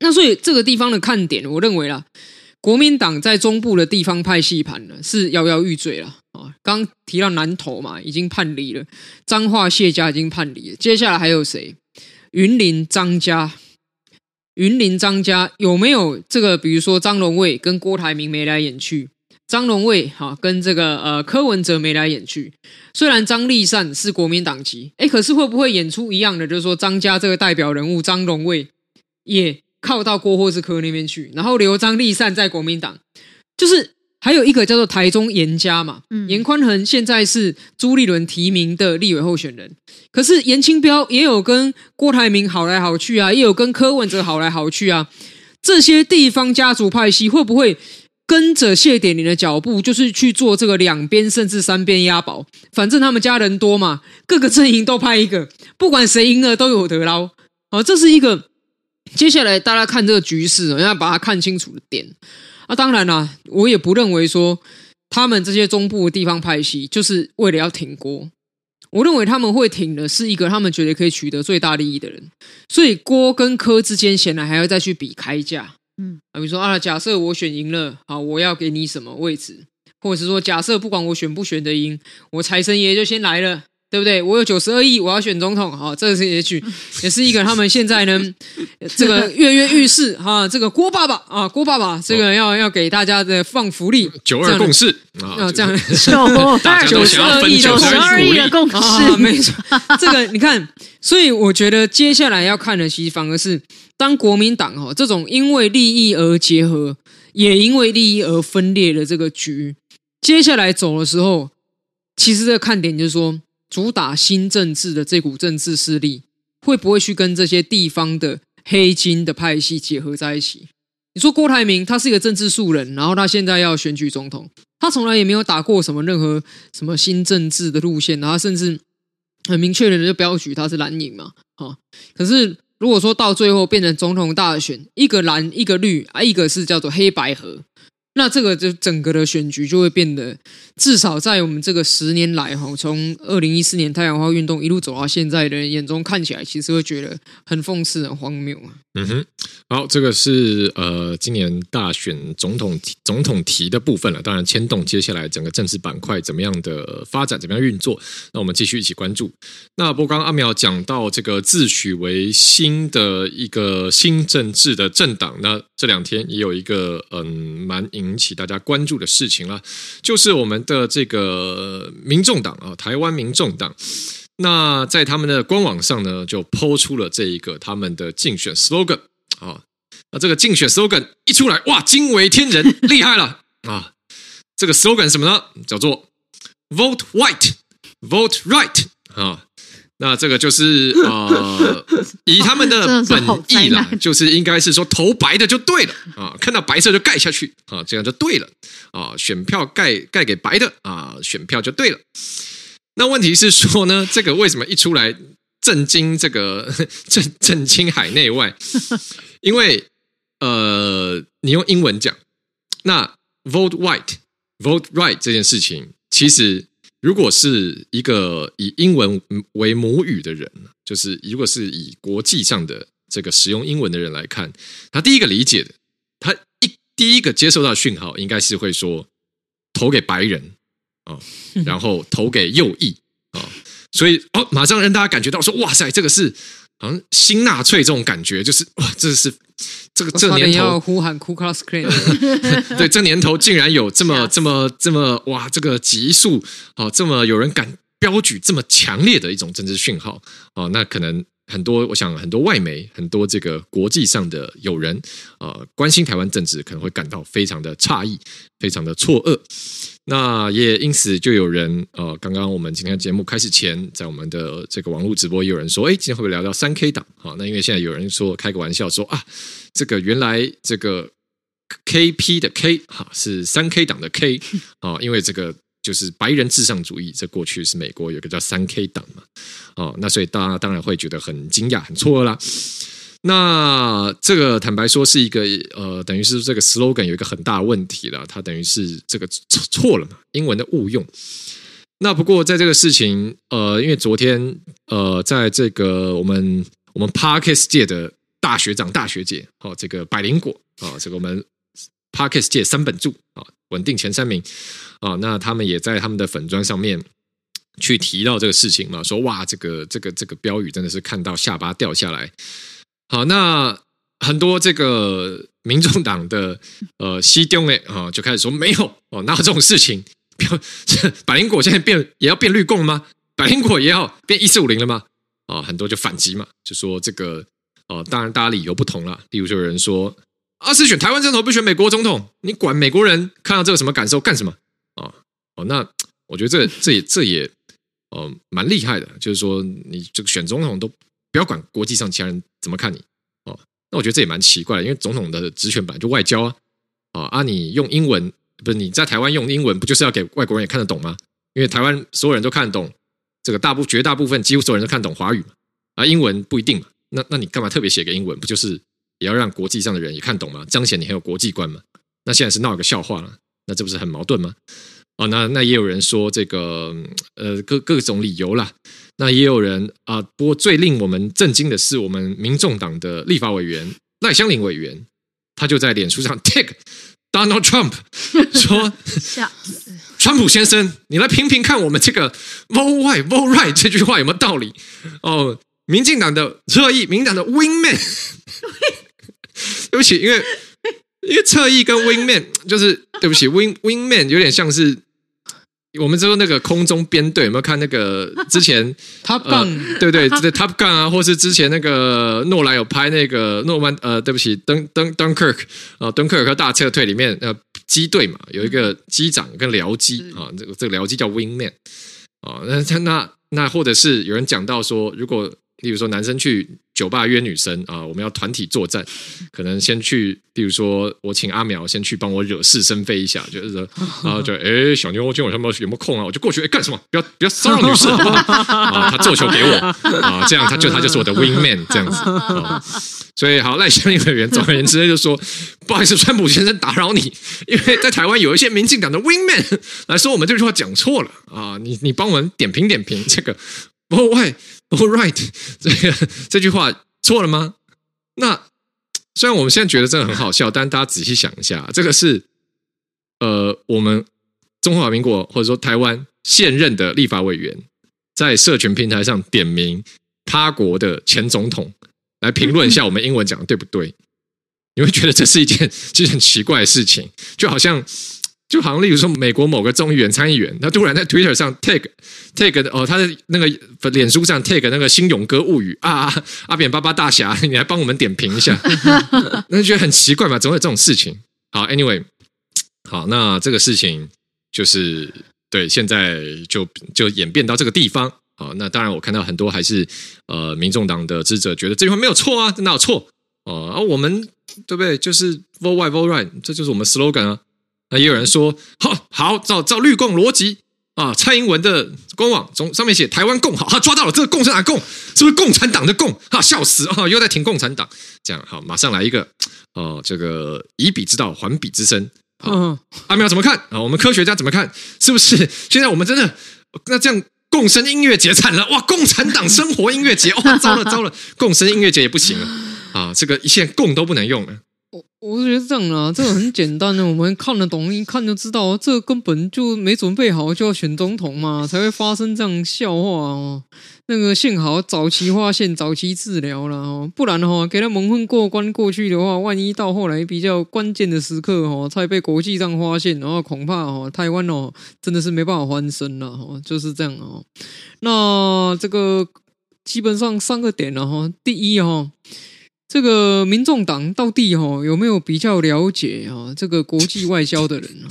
那所以這個地方的看點，我認為啊，國民黨在中部的地方派系盤呢，是搖搖欲墜了啊。剛提到南投嘛，已經叛離了；彰化謝家已經叛離了，接下來還有誰？雲林張家，雲林張家有沒有這個？比如說張榮味跟郭台銘眉來眼去。張榮味哈、啊、跟這個呃柯文哲眉來眼去，雖然張麗善是國民黨籍誒，可是會不會演出一樣的？就是說張家這個代表人物張榮味也靠到郭或是柯那邊去，然後留張麗善在國民黨，就是還有一個叫做台中顏家嘛，顏、嗯、寬恆現在是朱立倫提名的立委候選人，可是顏清標也有跟郭台銘好來好去啊，也有跟柯文哲好來好去啊，這些地方家族派系會不會？跟着謝典林的腳步，就是去做這個兩邊甚至三邊押寶，反正他們家人多嘛，各個陣營都派一個，不管誰贏了都有得撈。啊，這是一個接下來大家看這個局勢、啊，要把它看清楚的點。啊，當然啦、啊，我也不認為說他們這些中部的地方派系就是為了要挺郭，我認為他們會挺的是一個他們覺得可以取得最大利益的人。所以郭跟柯之間顯然還要再去比開價。嗯，比如說啊，假設我選贏了，好，我要給你什麼位置，或者是說，假設不管我選不選得贏，我財神爺就先來了，對不對？我有九十二億，我要選總統，好，這是也許也是一個他們現在呢， 這個躍躍欲試哈，這個郭爸爸啊，郭爸爸這個要、哦、要給大家的放福利，哦、九二共識。啊，這樣的， 大家都想要分九十二億。九十二億的共識、哦。沒錯， 這個你看，所以我覺得接下來要看的，其實反而是。當國民黨哈這種因為利益而結合，也因為利益而分裂的這個局，接下來走的時候，其實這個看點就是說，主打新政治的這股政治勢力，會不會去跟這些地方的黑金的派系結合在一起？你說郭台銘他是一個政治素人，然後他現在要選舉總統，他從來也沒有打過什麼任何什麼新政治的路線，然後他甚至很明確的就標舉他是藍營嘛，啊，可是。如果說到最後變成總統大選，一個藍一個綠啊，一個是叫做黑白盒，那這個就整個的選舉就會變得。至少在我們這個十年來，哈，從二零一四年太陽花運動一路走到現在的人眼中，看起來其實會覺得很諷刺、很荒謬啊。嗯哼，好，這個是呃，今年大選總統總統提的部分了，當然牽動接下來整個政治板塊怎麼樣的發展、怎麼樣運作，那我們繼續一起關注。那不剛剛阿苗講到這個自詡為新的一個新政治的政黨，那這兩天也有一個嗯，蠻、呃、引起大家關注的事情了，就是我們。的這個民眾黨啊，台灣民眾黨，那在他們的官網上呢，就拋出了這一個他們的競選 slogan 啊，那這個競選 slogan 一出來，哇，驚為天人，厲害了啊！這個 slogan 什麼呢？叫做 right, “vote white”，“vote right” 啊。那這個就是呃，以他們的本意啦，就是應該是說投白的就對了啊，看到白色就蓋下去啊，這樣就對了啊，選票蓋蓋給白的啊，選票就對了。那問題是說呢，這個為什麼一出來震驚這個震震驚海內外？因為呃，你用英文講，那 vote white vote right 這件事情，其實。如果是一個以英文為母語的人，就是如果是以國際上的這個使用英文的人來看，他第一個理解的，他一第一個接收到訊號，應該是會說投給白人啊，然後投給右翼啊，所以哦，馬上讓大家感覺到說，哇塞，這個是。好像新納粹這種感覺，就是哇，這是這個這，這年頭呼喊 “Ku Klux Klan”。對，這年頭竟然有這麼 這麼這麼哇，這個急速哦、呃，這麼有人敢標舉這麼強烈的一種政治訊號哦、呃，那可能很多，我想很多外媒、很多這個國際上的友人啊、呃，關心台灣政治，可能會感到非常的詫異，非常的錯愕。那也因此就有人呃，剛剛我們今天節目開始前，在我們的這個網絡直播，也有人說，哎，今天會不會聊到三 K 黨？哈、哦，那因為現在有人說開個玩笑說啊，這個原來這個 KP 的 K 哈、哦、是三 K 黨的 K 啊、哦，因為這個就是白人至上主義，這過去是美國有個叫三 K 黨嘛，哦，那所以大家當然會覺得很驚訝、很錯愕啦。那這個坦白說是一個呃，等於是這個 slogan 有一個很大的問題了，它等於是這個錯錯了嘛，英文的誤用。那不過在這個事情，呃，因為昨天呃，在這個我們我們 Podcast 界的大學長大學姐哦，這個百靈果啊、哦，這個我們 Podcast 界三本柱啊、哦，穩定前三名啊、哦，那他們也在他們的粉專上面去提到這個事情嘛，說哇，這個這個這個標語真的是看到下巴掉下來。好，那很多這個民眾黨的呃西丟哎啊就開始說，沒有哦，哪有這種事情？比如百靈果現在變也要變綠共了嗎？百靈果也要變一四五零了嗎？啊、哦，很多就反擊嘛，就說這個哦、呃，當然大家理由不同了。例如就有人說啊，是選台灣總統不選美國總統，你管美國人看到這個什麼感受幹什麼啊、哦？哦，那我覺得這這也這也呃蠻厲害的，就是說你這個選總統都。不要管國際上其他人怎麼看你哦，那我覺得這也蠻奇怪，因為總統的職權本來就外交啊，啊你用英文不是你在台灣用英文不就是要給外國人也看得懂嗎？因為台灣所有人都看得懂，這個大部絕大部分幾乎所有人都看得懂華語嘛，啊，英文不一定嘛，那那你幹嘛特別寫個英文？不就是也要讓國際上的人也看得懂嗎？彰顯你很有國際觀嘛？那現在是鬧一個笑話了，那這不是很矛盾嗎？哦，那那也有人說這個呃各各種理由啦。那也有人啊、呃，不過最令我們震驚的是，我們民眾黨的立法委員賴香伶委員，他就在臉書上 tag Donald Trump，說：“笑死川普先生，你來評評看，我們這個 vote white vote right 這句話有沒有道理？”哦、呃，民進黨的側翼，民進黨的 wingman， 對不起，因為因為側翼跟 wingman 就是對不起 ，win win man 有點像是。我們知道那個空中編隊，有沒有看那個之前 Top Gun、呃、對不對？這個 Top Gun 啊，或是之前那個諾蘭有拍那個諾曼呃，對不起，敦敦敦克爾呃，敦克爾克大撤退裡面呃機隊嘛，有一個機長跟僚機、嗯、啊，這個這個僚機叫 Wingman 啊，那那那或者是有人講到說，如果例如說男生去。酒吧約女生啊、呃，我們要團體作戰，可能先去，比如說我請阿苗先去幫我惹是生非一下，就是，然、呃、後就哎小妞今晚上有沒有沒有空啊，我就過去，哎幹什麼？不要不要騷擾女士，啊 好不好，他、哦、做球給我，啊、呃，這樣他就她就是我的 wingman 這樣子啊、呃，所以好賴香伶委員總而言之呢，就說不好意思，川普先生打擾你，因為在台灣有一些民進黨的 wingman 來說我們這句話講錯了啊、呃，你你幫我們點評點評這個，不過 All right，這個這句話錯了嗎？那雖然我們現在覺得真的很好笑，但大家仔細想一下，這個是呃，我們中華民國或者說台灣現任的立法委員在社群平台上點名他國的前總統來評論一下我們英文講的對不對？ 你會覺得這是一件其實很奇怪的事情，就好像。就好像例如說，美國某個眾議員、參議員，他突然在 Twitter 上 tag tag 哦，他的那個臉書上 tag 那個《新勇哥物語》啊，阿扁巴巴大俠，你來幫我們點評一下， 那就覺得很奇怪嘛，總有這種事情。好，Anyway，好，那這個事情就是對，現在就就演變到這個地方。好，那當然我看到很多還是呃，民眾黨的支持者覺得這句話沒有錯啊，這哪有錯、呃、哦？我們對不對？就是 Vote White，Vote Right，這就是我們 slogan 啊。那也有人說，好，好，照照綠共邏輯啊，蔡英文的官網從上面寫台灣共好，好、啊，抓到了，這個共是哪個共，是不是共產黨的共？哈、啊，笑死啊，又在挺共產黨，這樣好，馬上來一個哦、呃，這個以彼之道還彼之身啊，阿喵、哦啊、怎麼看？啊，我們科學家怎麼看？是不是現在我們真的那這樣共生音樂節慘了哇？共產黨生活音樂節哇、哦，糟了糟了，糟了，共生音樂節也不行了啊，這個一切共都不能用了。我我是覺得是這樣啦，這個很簡單的， 我們看得懂，一看就知道，這個、根本就沒準備好就要選總統嘛，才會發生這樣笑話哦、喔。那個幸好早期發現、早期治療了哦，不然的、喔、話，給他蒙混過關過去的話，萬一到後來比較關鍵的時刻哈、喔，才被國際上發現，然後恐怕哈、喔，台灣哦、喔、真的是沒辦法翻身了哈，就是這樣哦、喔。那這個基本上三個點了、喔、哈，第一哈、喔。這個民眾黨到底哈、哦、有沒有比較了解啊，這個國際外交的人啊，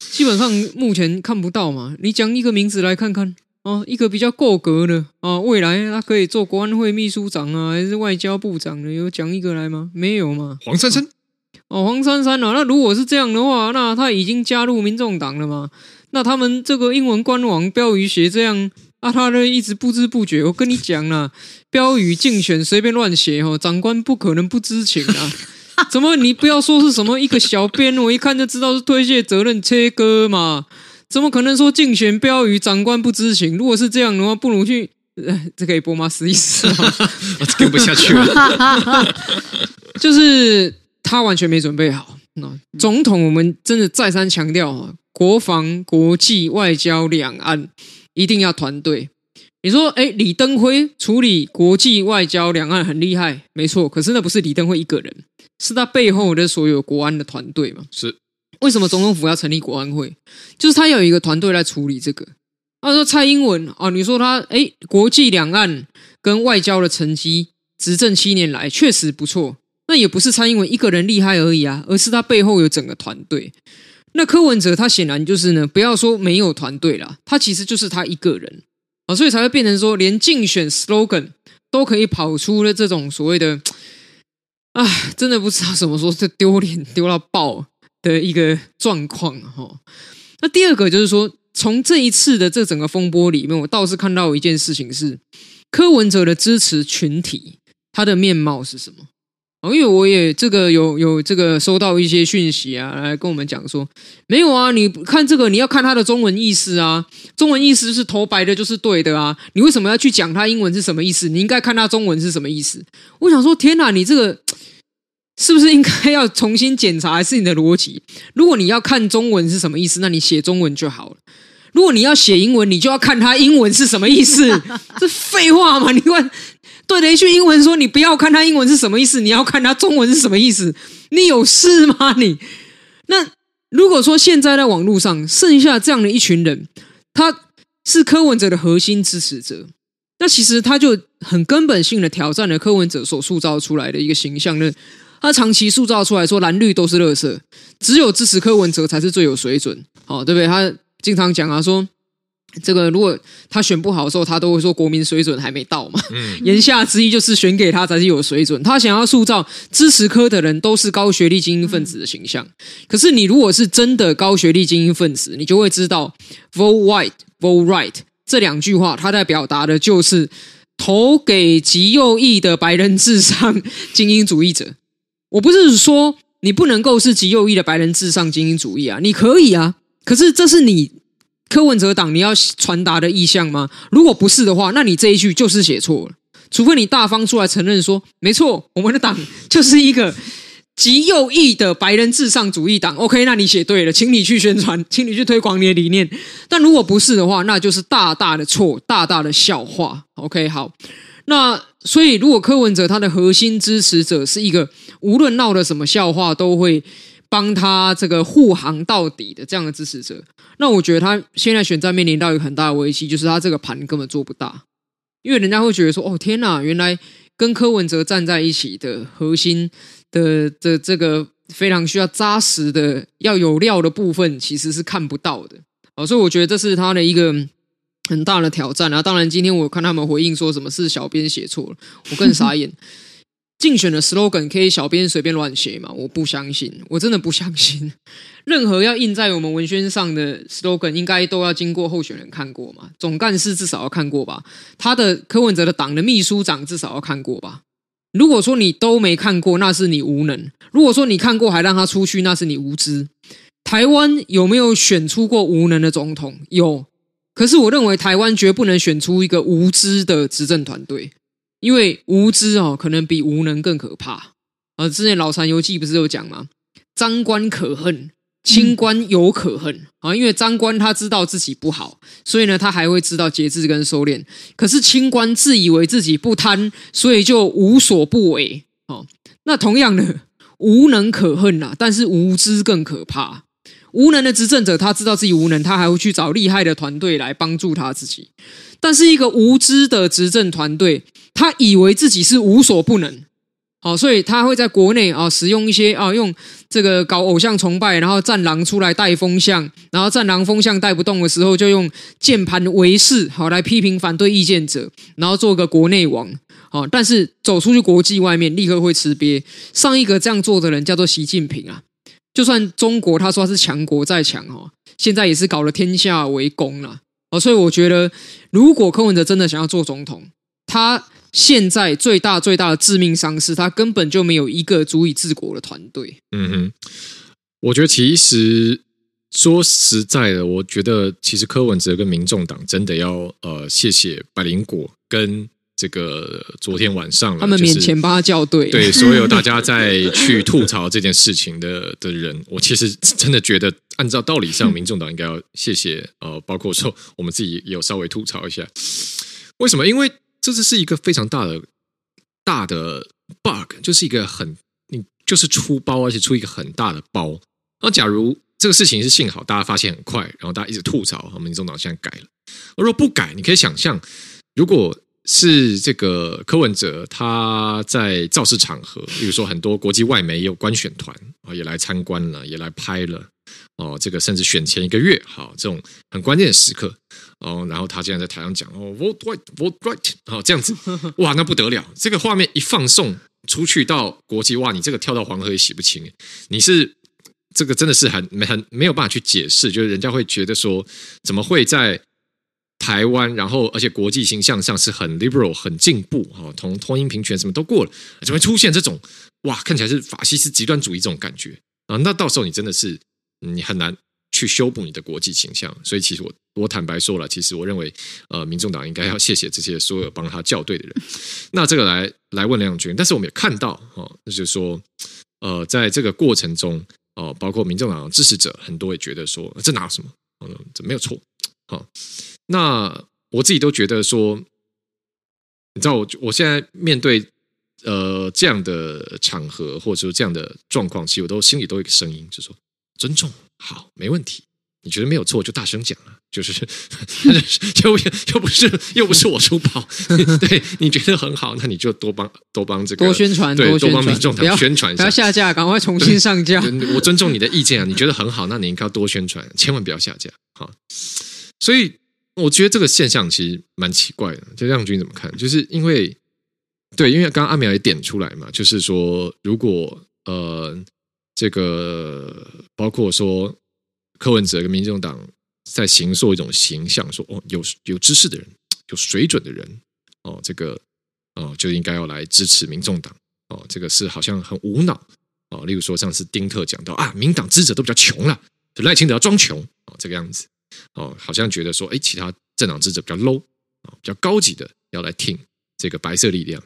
基本上目前看不到嘛。你講一個名字來看看啊、哦，一個比較夠格的啊、哦，未來他可以做國安會秘書長啊，還是外交部長的，有講一個來嗎？沒有嘛？黃珊珊哦，黃珊珊啊，那如果是這樣的話，那他已經加入民眾黨了嘛？那他們這個英文官網標語寫這樣。啊，他一直不知不覺。我跟你講啦，標語競選隨便亂寫哈、哦，長官不可能不知情啊。怎麼你不要說是什麼一個小編，我一看就知道是推卸責任、切割嘛。怎麼可能說競選標語長官不知情？如果是這樣的話，不如去呃，這可以播嗎？試一試。 我跟不下去了。 就是他完全沒準備好。嗯、總統，我們真的再三強調啊，國防、國際、外交、兩岸。一定要團隊。你說，哎，李登輝處理國際外交、兩岸很厲害，沒錯。可是那不是李登輝一個人，是他背後的所有國安的團隊嘛？是。為什麼總統府要成立國安會？就是他有一個團隊來處理這個。他、啊、說，蔡英文啊，你說他，哎，國際兩岸跟外交的成績，執政七年來確實不錯。那也不是蔡英文一個人厲害而已啊，而是他背後有整個團隊。那柯文哲他顯然就是呢，不要說沒有團隊了，他其實就是他一個人啊，所以才會變成說，連競選 slogan 都可以跑出了這種所謂的，唉，真的不知道怎麼說，這丟臉丟到爆的一個狀況哈。那第二個就是說，從這一次的這整個風波裡面，我倒是看到一件事情是，柯文哲的支持群體他的面貌是什麼？哦，因為我也這個有有這個收到一些訊息啊，來跟我們講說，沒有啊，你看這個你要看它的中文意思啊，中文意思是投白的就是對的啊，你為什麼要去講它英文是什麼意思？你應該看它中文是什麼意思。我想說，天哪，你這個是不是應該要重新檢查？還是你的邏輯？如果你要看中文是什麼意思，那你寫中文就好了。如果你要寫英文，你就要看它英文是什麼意思，這 廢話嘛，你問。對了一句英文說：“你不要看他英文是什麼意思，你要看他中文是什麼意思。”你有事嗎？你？那如果說現在在網絡上剩下這樣的一群人，他是柯文哲的核心支持者，那其實他就很根本性的挑戰了柯文哲所塑造出來的一個形象呢。他長期塑造出來說藍綠都是垃圾，只有支持柯文哲才是最有水準。哦，對不對？他經常講啊說。這個如果他選不好的時候，他都會說國民水準還沒到嘛。嗯、言下之意就是選給他才是有水準。他想要塑造支持柯的人都是高學歷精英分子的形象。嗯、可是你如果是真的高學歷精英分子，你就會知道 “Vote White”、right,、“Vote Right” 這兩句話，他在表達的就是投給極右翼的白人至上精英主義者。我不是說你不能夠是極右翼的白人至上精英主義啊，你可以啊。可是這是你。柯文哲黨，你要傳達的意向嗎？如果不是的話，那你這一句就是寫錯了。除非你大方出來承認說，沒錯，我們的黨就是一個極右翼的白人至上主義黨。OK，那你寫對了，請你去宣傳，請你去推廣你的理念。但如果不是的話，那就是大大的錯，大大的笑話。OK，好，那所以如果柯文哲他的核心支持者是一個，無論鬧了什麼笑話都會。幫他這個護航到底的這樣的支持者，那我覺得他現在選戰面臨到一個很大的危機，就是他這個盤根本做不大，因為人家會覺得說：“哦，天哪，原來跟柯文哲站在一起的核心的的的這個非常需要紮實的要有料的部分，其實是看不到的。”啊，所以我覺得這是他的一個很大的挑戰啊。當然，今天我看他們回應說什麼是小編寫錯了，我更傻眼。 競選的 slogan 可以小編隨便亂寫嗎？我不相信，我真的不相信。任何要印在我們文宣上的 slogan，應該都要經過候選人看過嘛？總幹事至少要看過吧？他的柯文哲的黨的祕書長至少要看過吧？如果說你都沒看過，那是你無能；如果說你看過還讓他出去，那是你無知。台灣有沒有選出過無能的總統？有。可是我認為台灣絕不能選出一個無知的執政團隊。因為無知哦，可能比無能更可怕啊！之前《老殘遊記》不是有講嗎？贓官可恨，清官尤可恨啊！嗯、因為贓官他知道自己不好，所以呢，他還會知道節制跟收斂。可是清官自以為自己不貪，所以就無所不為。那同樣的，無能可恨、啊、但是無知更可怕。無能的執政者他知道自己無能，他還會去找厲害的團隊來幫助他自己。但是一個無知的執政團隊。他以為自己是無所不能，好、哦，所以他會在國內啊、哦、使用一些啊、哦、用這個搞偶像崇拜，然後戰狼出來帶風向，然後戰狼風向帶不動的時候，就用鍵盤衛士好、哦、來批評反對意見者，然後做個國內王、哦、但是走出去國際外面立刻會吃癟。上一個這樣做的人叫做習近平啊，就算中國他說他是強國再強哦，現在也是搞了天下為公了、哦、所以我覺得如果柯文哲真的想要做總統，他。現在最大最大的致命傷是，他根本就沒有一個足以治國的團隊。嗯哼，我覺得其實說實在的，我覺得其實柯文哲跟民眾黨真的要呃，謝謝百靈果跟這個昨天晚上他們面前幫他校對。就是，對，對所有大家在去吐槽這件事情的的人，我其實真的覺得，按照道理上，民眾黨應該要謝謝呃，包括說我們自己也有稍微吐槽一下，為什麼？因為。這是一個非常大的大的 bug，就是一個很你就是出包，而且出一個很大的包。那假如這個事情是幸好大家發現很快，然後大家一直吐槽，民眾黨現在改了。而若不改，你可以想象，如果是這個柯文哲他在造勢場合，比如說很多國際外媒也有觀選團啊，也來參觀了，也來拍了。哦，這個甚至選前一個月，好，這種很關鍵的時刻，哦，然後他竟然在，在台上講哦，Vote Right，Vote Right，好 right、哦，這樣子，哇，那不得了！這個畫面一放送出去到國際，哇，你這個跳到黃河也洗不清，你是這個真的是很很沒有辦法去解釋，就是人家會覺得說，怎麼會在台灣，然後而且國際形象上是很 liberal、很進步啊、哦，同脫音平權什麼都過了，怎麼會出現這種哇，看起來是法西斯極端主義這種感覺啊、哦？那到時候你真的是。你很難去修補你的國際形象，所以其實我我坦白說了，其實我認為，呃，民眾黨應該要謝謝這些所有幫他校對的人。 那這個來來問兩句，軍，但是我們也看到，哦，就是說，呃，在這個過程中，哦、呃，包括民眾黨的支持者很多也覺得說，這哪有什麼？嗯，這沒有錯。好、哦，那我自己都覺得說，你知道我，我我現在面對呃這樣的場合或者說這樣的狀況，其實我都心裡都有一個聲音，就是、說。尊重好，沒問題。你覺得沒有錯，就大聲講了。就是,是又又不是又不是我出包， 對你覺得很好，那你就多幫多幫這個多宣傳，對多宣傳多幫民眾別宣傳不要下架，趕快重新上架。我尊重你的意見啊，你覺得很好，那你應該要多宣傳，千萬不要下架。哈所以我覺得這個現象其實蠻奇怪的。這就亮君怎麼看？就是因為對，因為剛剛阿苗也點出來嘛，就是說如果呃。這個包括說柯文哲跟民眾黨在形塑一種形象，說哦，有有知識的人，有水準的人，哦，這個啊就應該要來支持民眾黨，哦，這個是好像很無腦，哦，例如說上次丁特講到啊，民黨支持者都比較窮了，就賴清德要裝窮啊，這個樣子，哦，好像覺得說哎，其他政黨支持者比較 low，啊，比較高級的要來挺這個白色力量，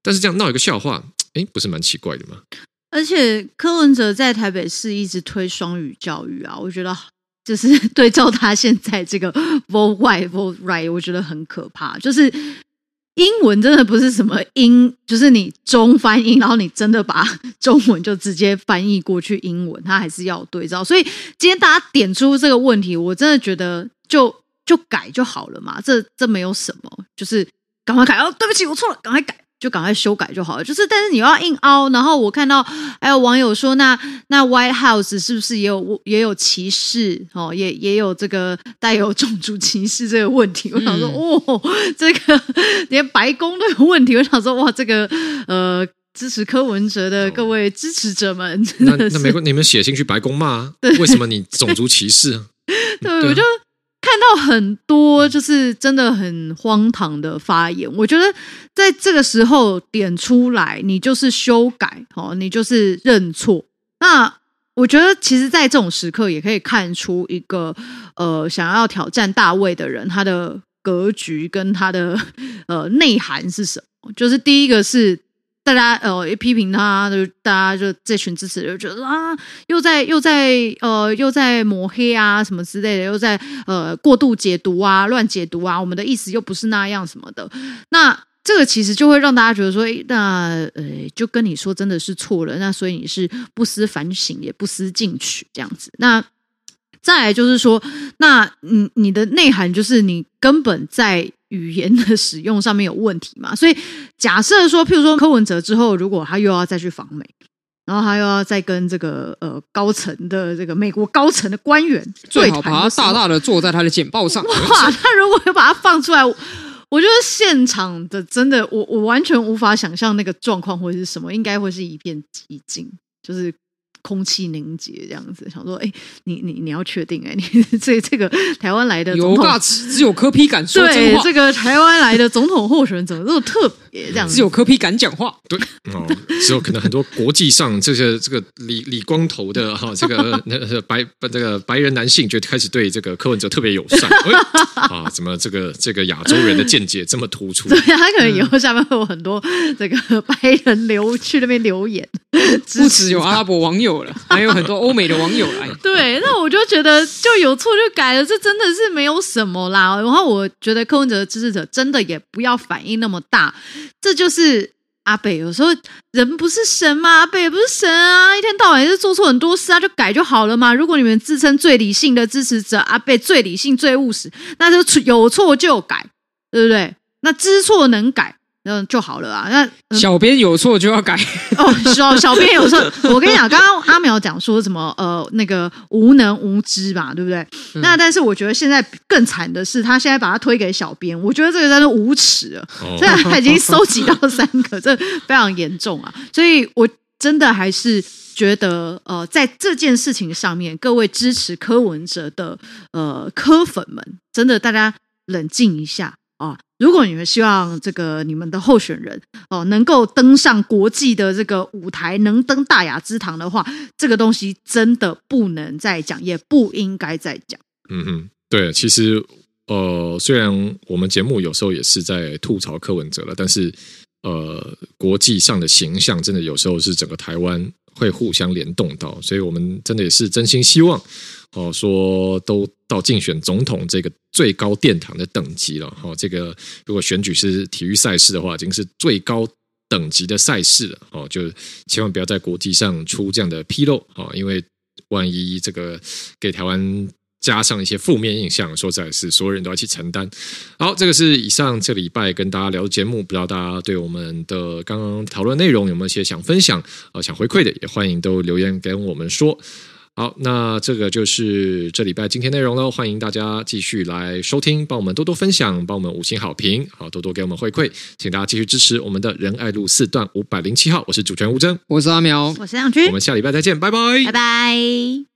但是這樣鬧一個笑話，哎，不是蠻奇怪的嗎？而且柯文哲在台北市一直推雙語教育啊，我覺得就是對照他現在這個 Vote White, Vote Right，我覺得很可怕。就是英文真的不是什麼英，就是你中翻英，然後你真的把中文就直接翻譯過去英文，他還是要對照。所以今天大家點出這個問題，我真的覺得就就改就好了嘛，這這沒有什麼，就是趕快改哦，對不起，我錯了，趕快改。就趕快修改就好了。就是，但是你要硬凹。然後我看到，還有網友說那，那那 White House 是不是也有也有歧視哦？也也有這個帶有種族歧視這個問題。我想說，哦，這個連白宮都有問題。我想說，哇，這個呃，支持柯文哲的各位支持者們，哦、那那，那沒關，你們寫信去白宮罵、啊？對，為什麼你種族歧視、啊？對，對啊、我就。看到很多就是真的很荒唐的發言，我覺得在這個時候點出來，你就是修改哦，你就是認錯。那我覺得其實，在這種時刻，也可以看出一個呃，想要挑戰大位的人，他的格局跟他的呃內涵是什麼？就是第一個是。大家呃批評他，就大家就這群支持就覺得啊，又在又在呃又在抹黑啊什麼之類的，又在呃過度解讀啊、亂解讀啊，我們的意思又不是那樣什麼的。那這個其實就會讓大家覺得說，欸、那呃、欸、就跟你說真的是錯了，那所以你是不思反省也不思進取這樣子。那再來就是說，那你、嗯、你的內涵就是你根本在。語言的使用上面有問題嘛？所以假設說，譬如說柯文哲之後，如果他又要再去訪美，然後他又要再跟這個呃高層的這個美國高層的官員的，最好把他大大的坐在他的簡報上。哇， 他如果要把他放出來，我覺得現場的真的，我我完全無法想象那個狀況會是什麼，應該會是一片寂靜，就是。空氣凝結這樣子，想說，哎，你你你要確定。哎，你這這個、這個、台灣來的總統有大只，只有柯 P 敢說真話。對，這個台灣來的總統候選人怎麼這麼特別？這樣子、嗯、只有柯 P 敢講話。對，哦，只有可能很多國際上這些 這個、這個、李李光頭的哈、啊，這個那個白這個白人男性，就開始對這個柯文哲特別友善。哎、啊，怎麼這個這個亞洲人的見解這麼突出？對、啊、他可能以後下面會有很多、嗯、這個白人留去那邊留言，只不只有阿拉伯網友。還有很多歐美的網友來， 對，那我就覺得就有錯就改了，這真的是沒有什麼啦。然後我覺得，柯文哲的支持者真的也不要反應那麼大，這就是阿北。有時候人不是神嗎、啊？阿北不是神啊，一天到晚也是做錯很多事啊，就改就好了嘛。如果你們自稱最理性的支持者，阿北最理性最務實，那就有錯就改，對不對？那知錯能改。那就好了啊。那、嗯、小編有錯就要改哦，是哦，小編有錯。 我跟你講，剛剛阿苗講說什麼？呃，那個無能無知吧，對不對？嗯、那但是我覺得現在更慘的是，他現在把他推給小編，我覺得這個真的無恥了。現在還他已經收集到三個， 這非常嚴重啊。所以我真的還是覺得，呃，在這件事情上面，各位支持柯文哲的呃柯粉們，真的大家冷靜一下。啊、哦！如果你們希望這個你們的候選人哦能夠登上國際的這個舞台，能登大雅之堂的話，這個東西真的不能再講，也不應該再講。嗯哼，對，其實呃，雖然我們節目有時候也是在吐槽柯文哲了，但是呃，國際上的形象真的有時候是整個台灣會互相聯動到，所以我們真的也是真心希望。哦，說都到競選總統這個最高殿堂的等級了。哦，這個如果選舉是體育賽事的話，已經是最高等級的賽事了。就千萬不要在國際上出這樣的紕漏。因為萬一這個給台灣加上一些負面印象，說實在是所有人都要去承擔。好，這個是以上這個禮拜跟大家聊的節目，不知道大家對我們的剛剛討論內容有沒有一些想分享、想回饋的，也歡迎都留言跟我們說。好，那這個就是這禮拜今天內容了。歡迎大家繼續來收聽，幫我們多多分享，幫我們五星好評，好，多多給我們回饋，請大家繼續支持我們的仁愛路四段五百零七號。我是主持人吳崢，我是阿苗，我是梁君，我是梁君，我們下禮拜再見，拜拜，拜拜。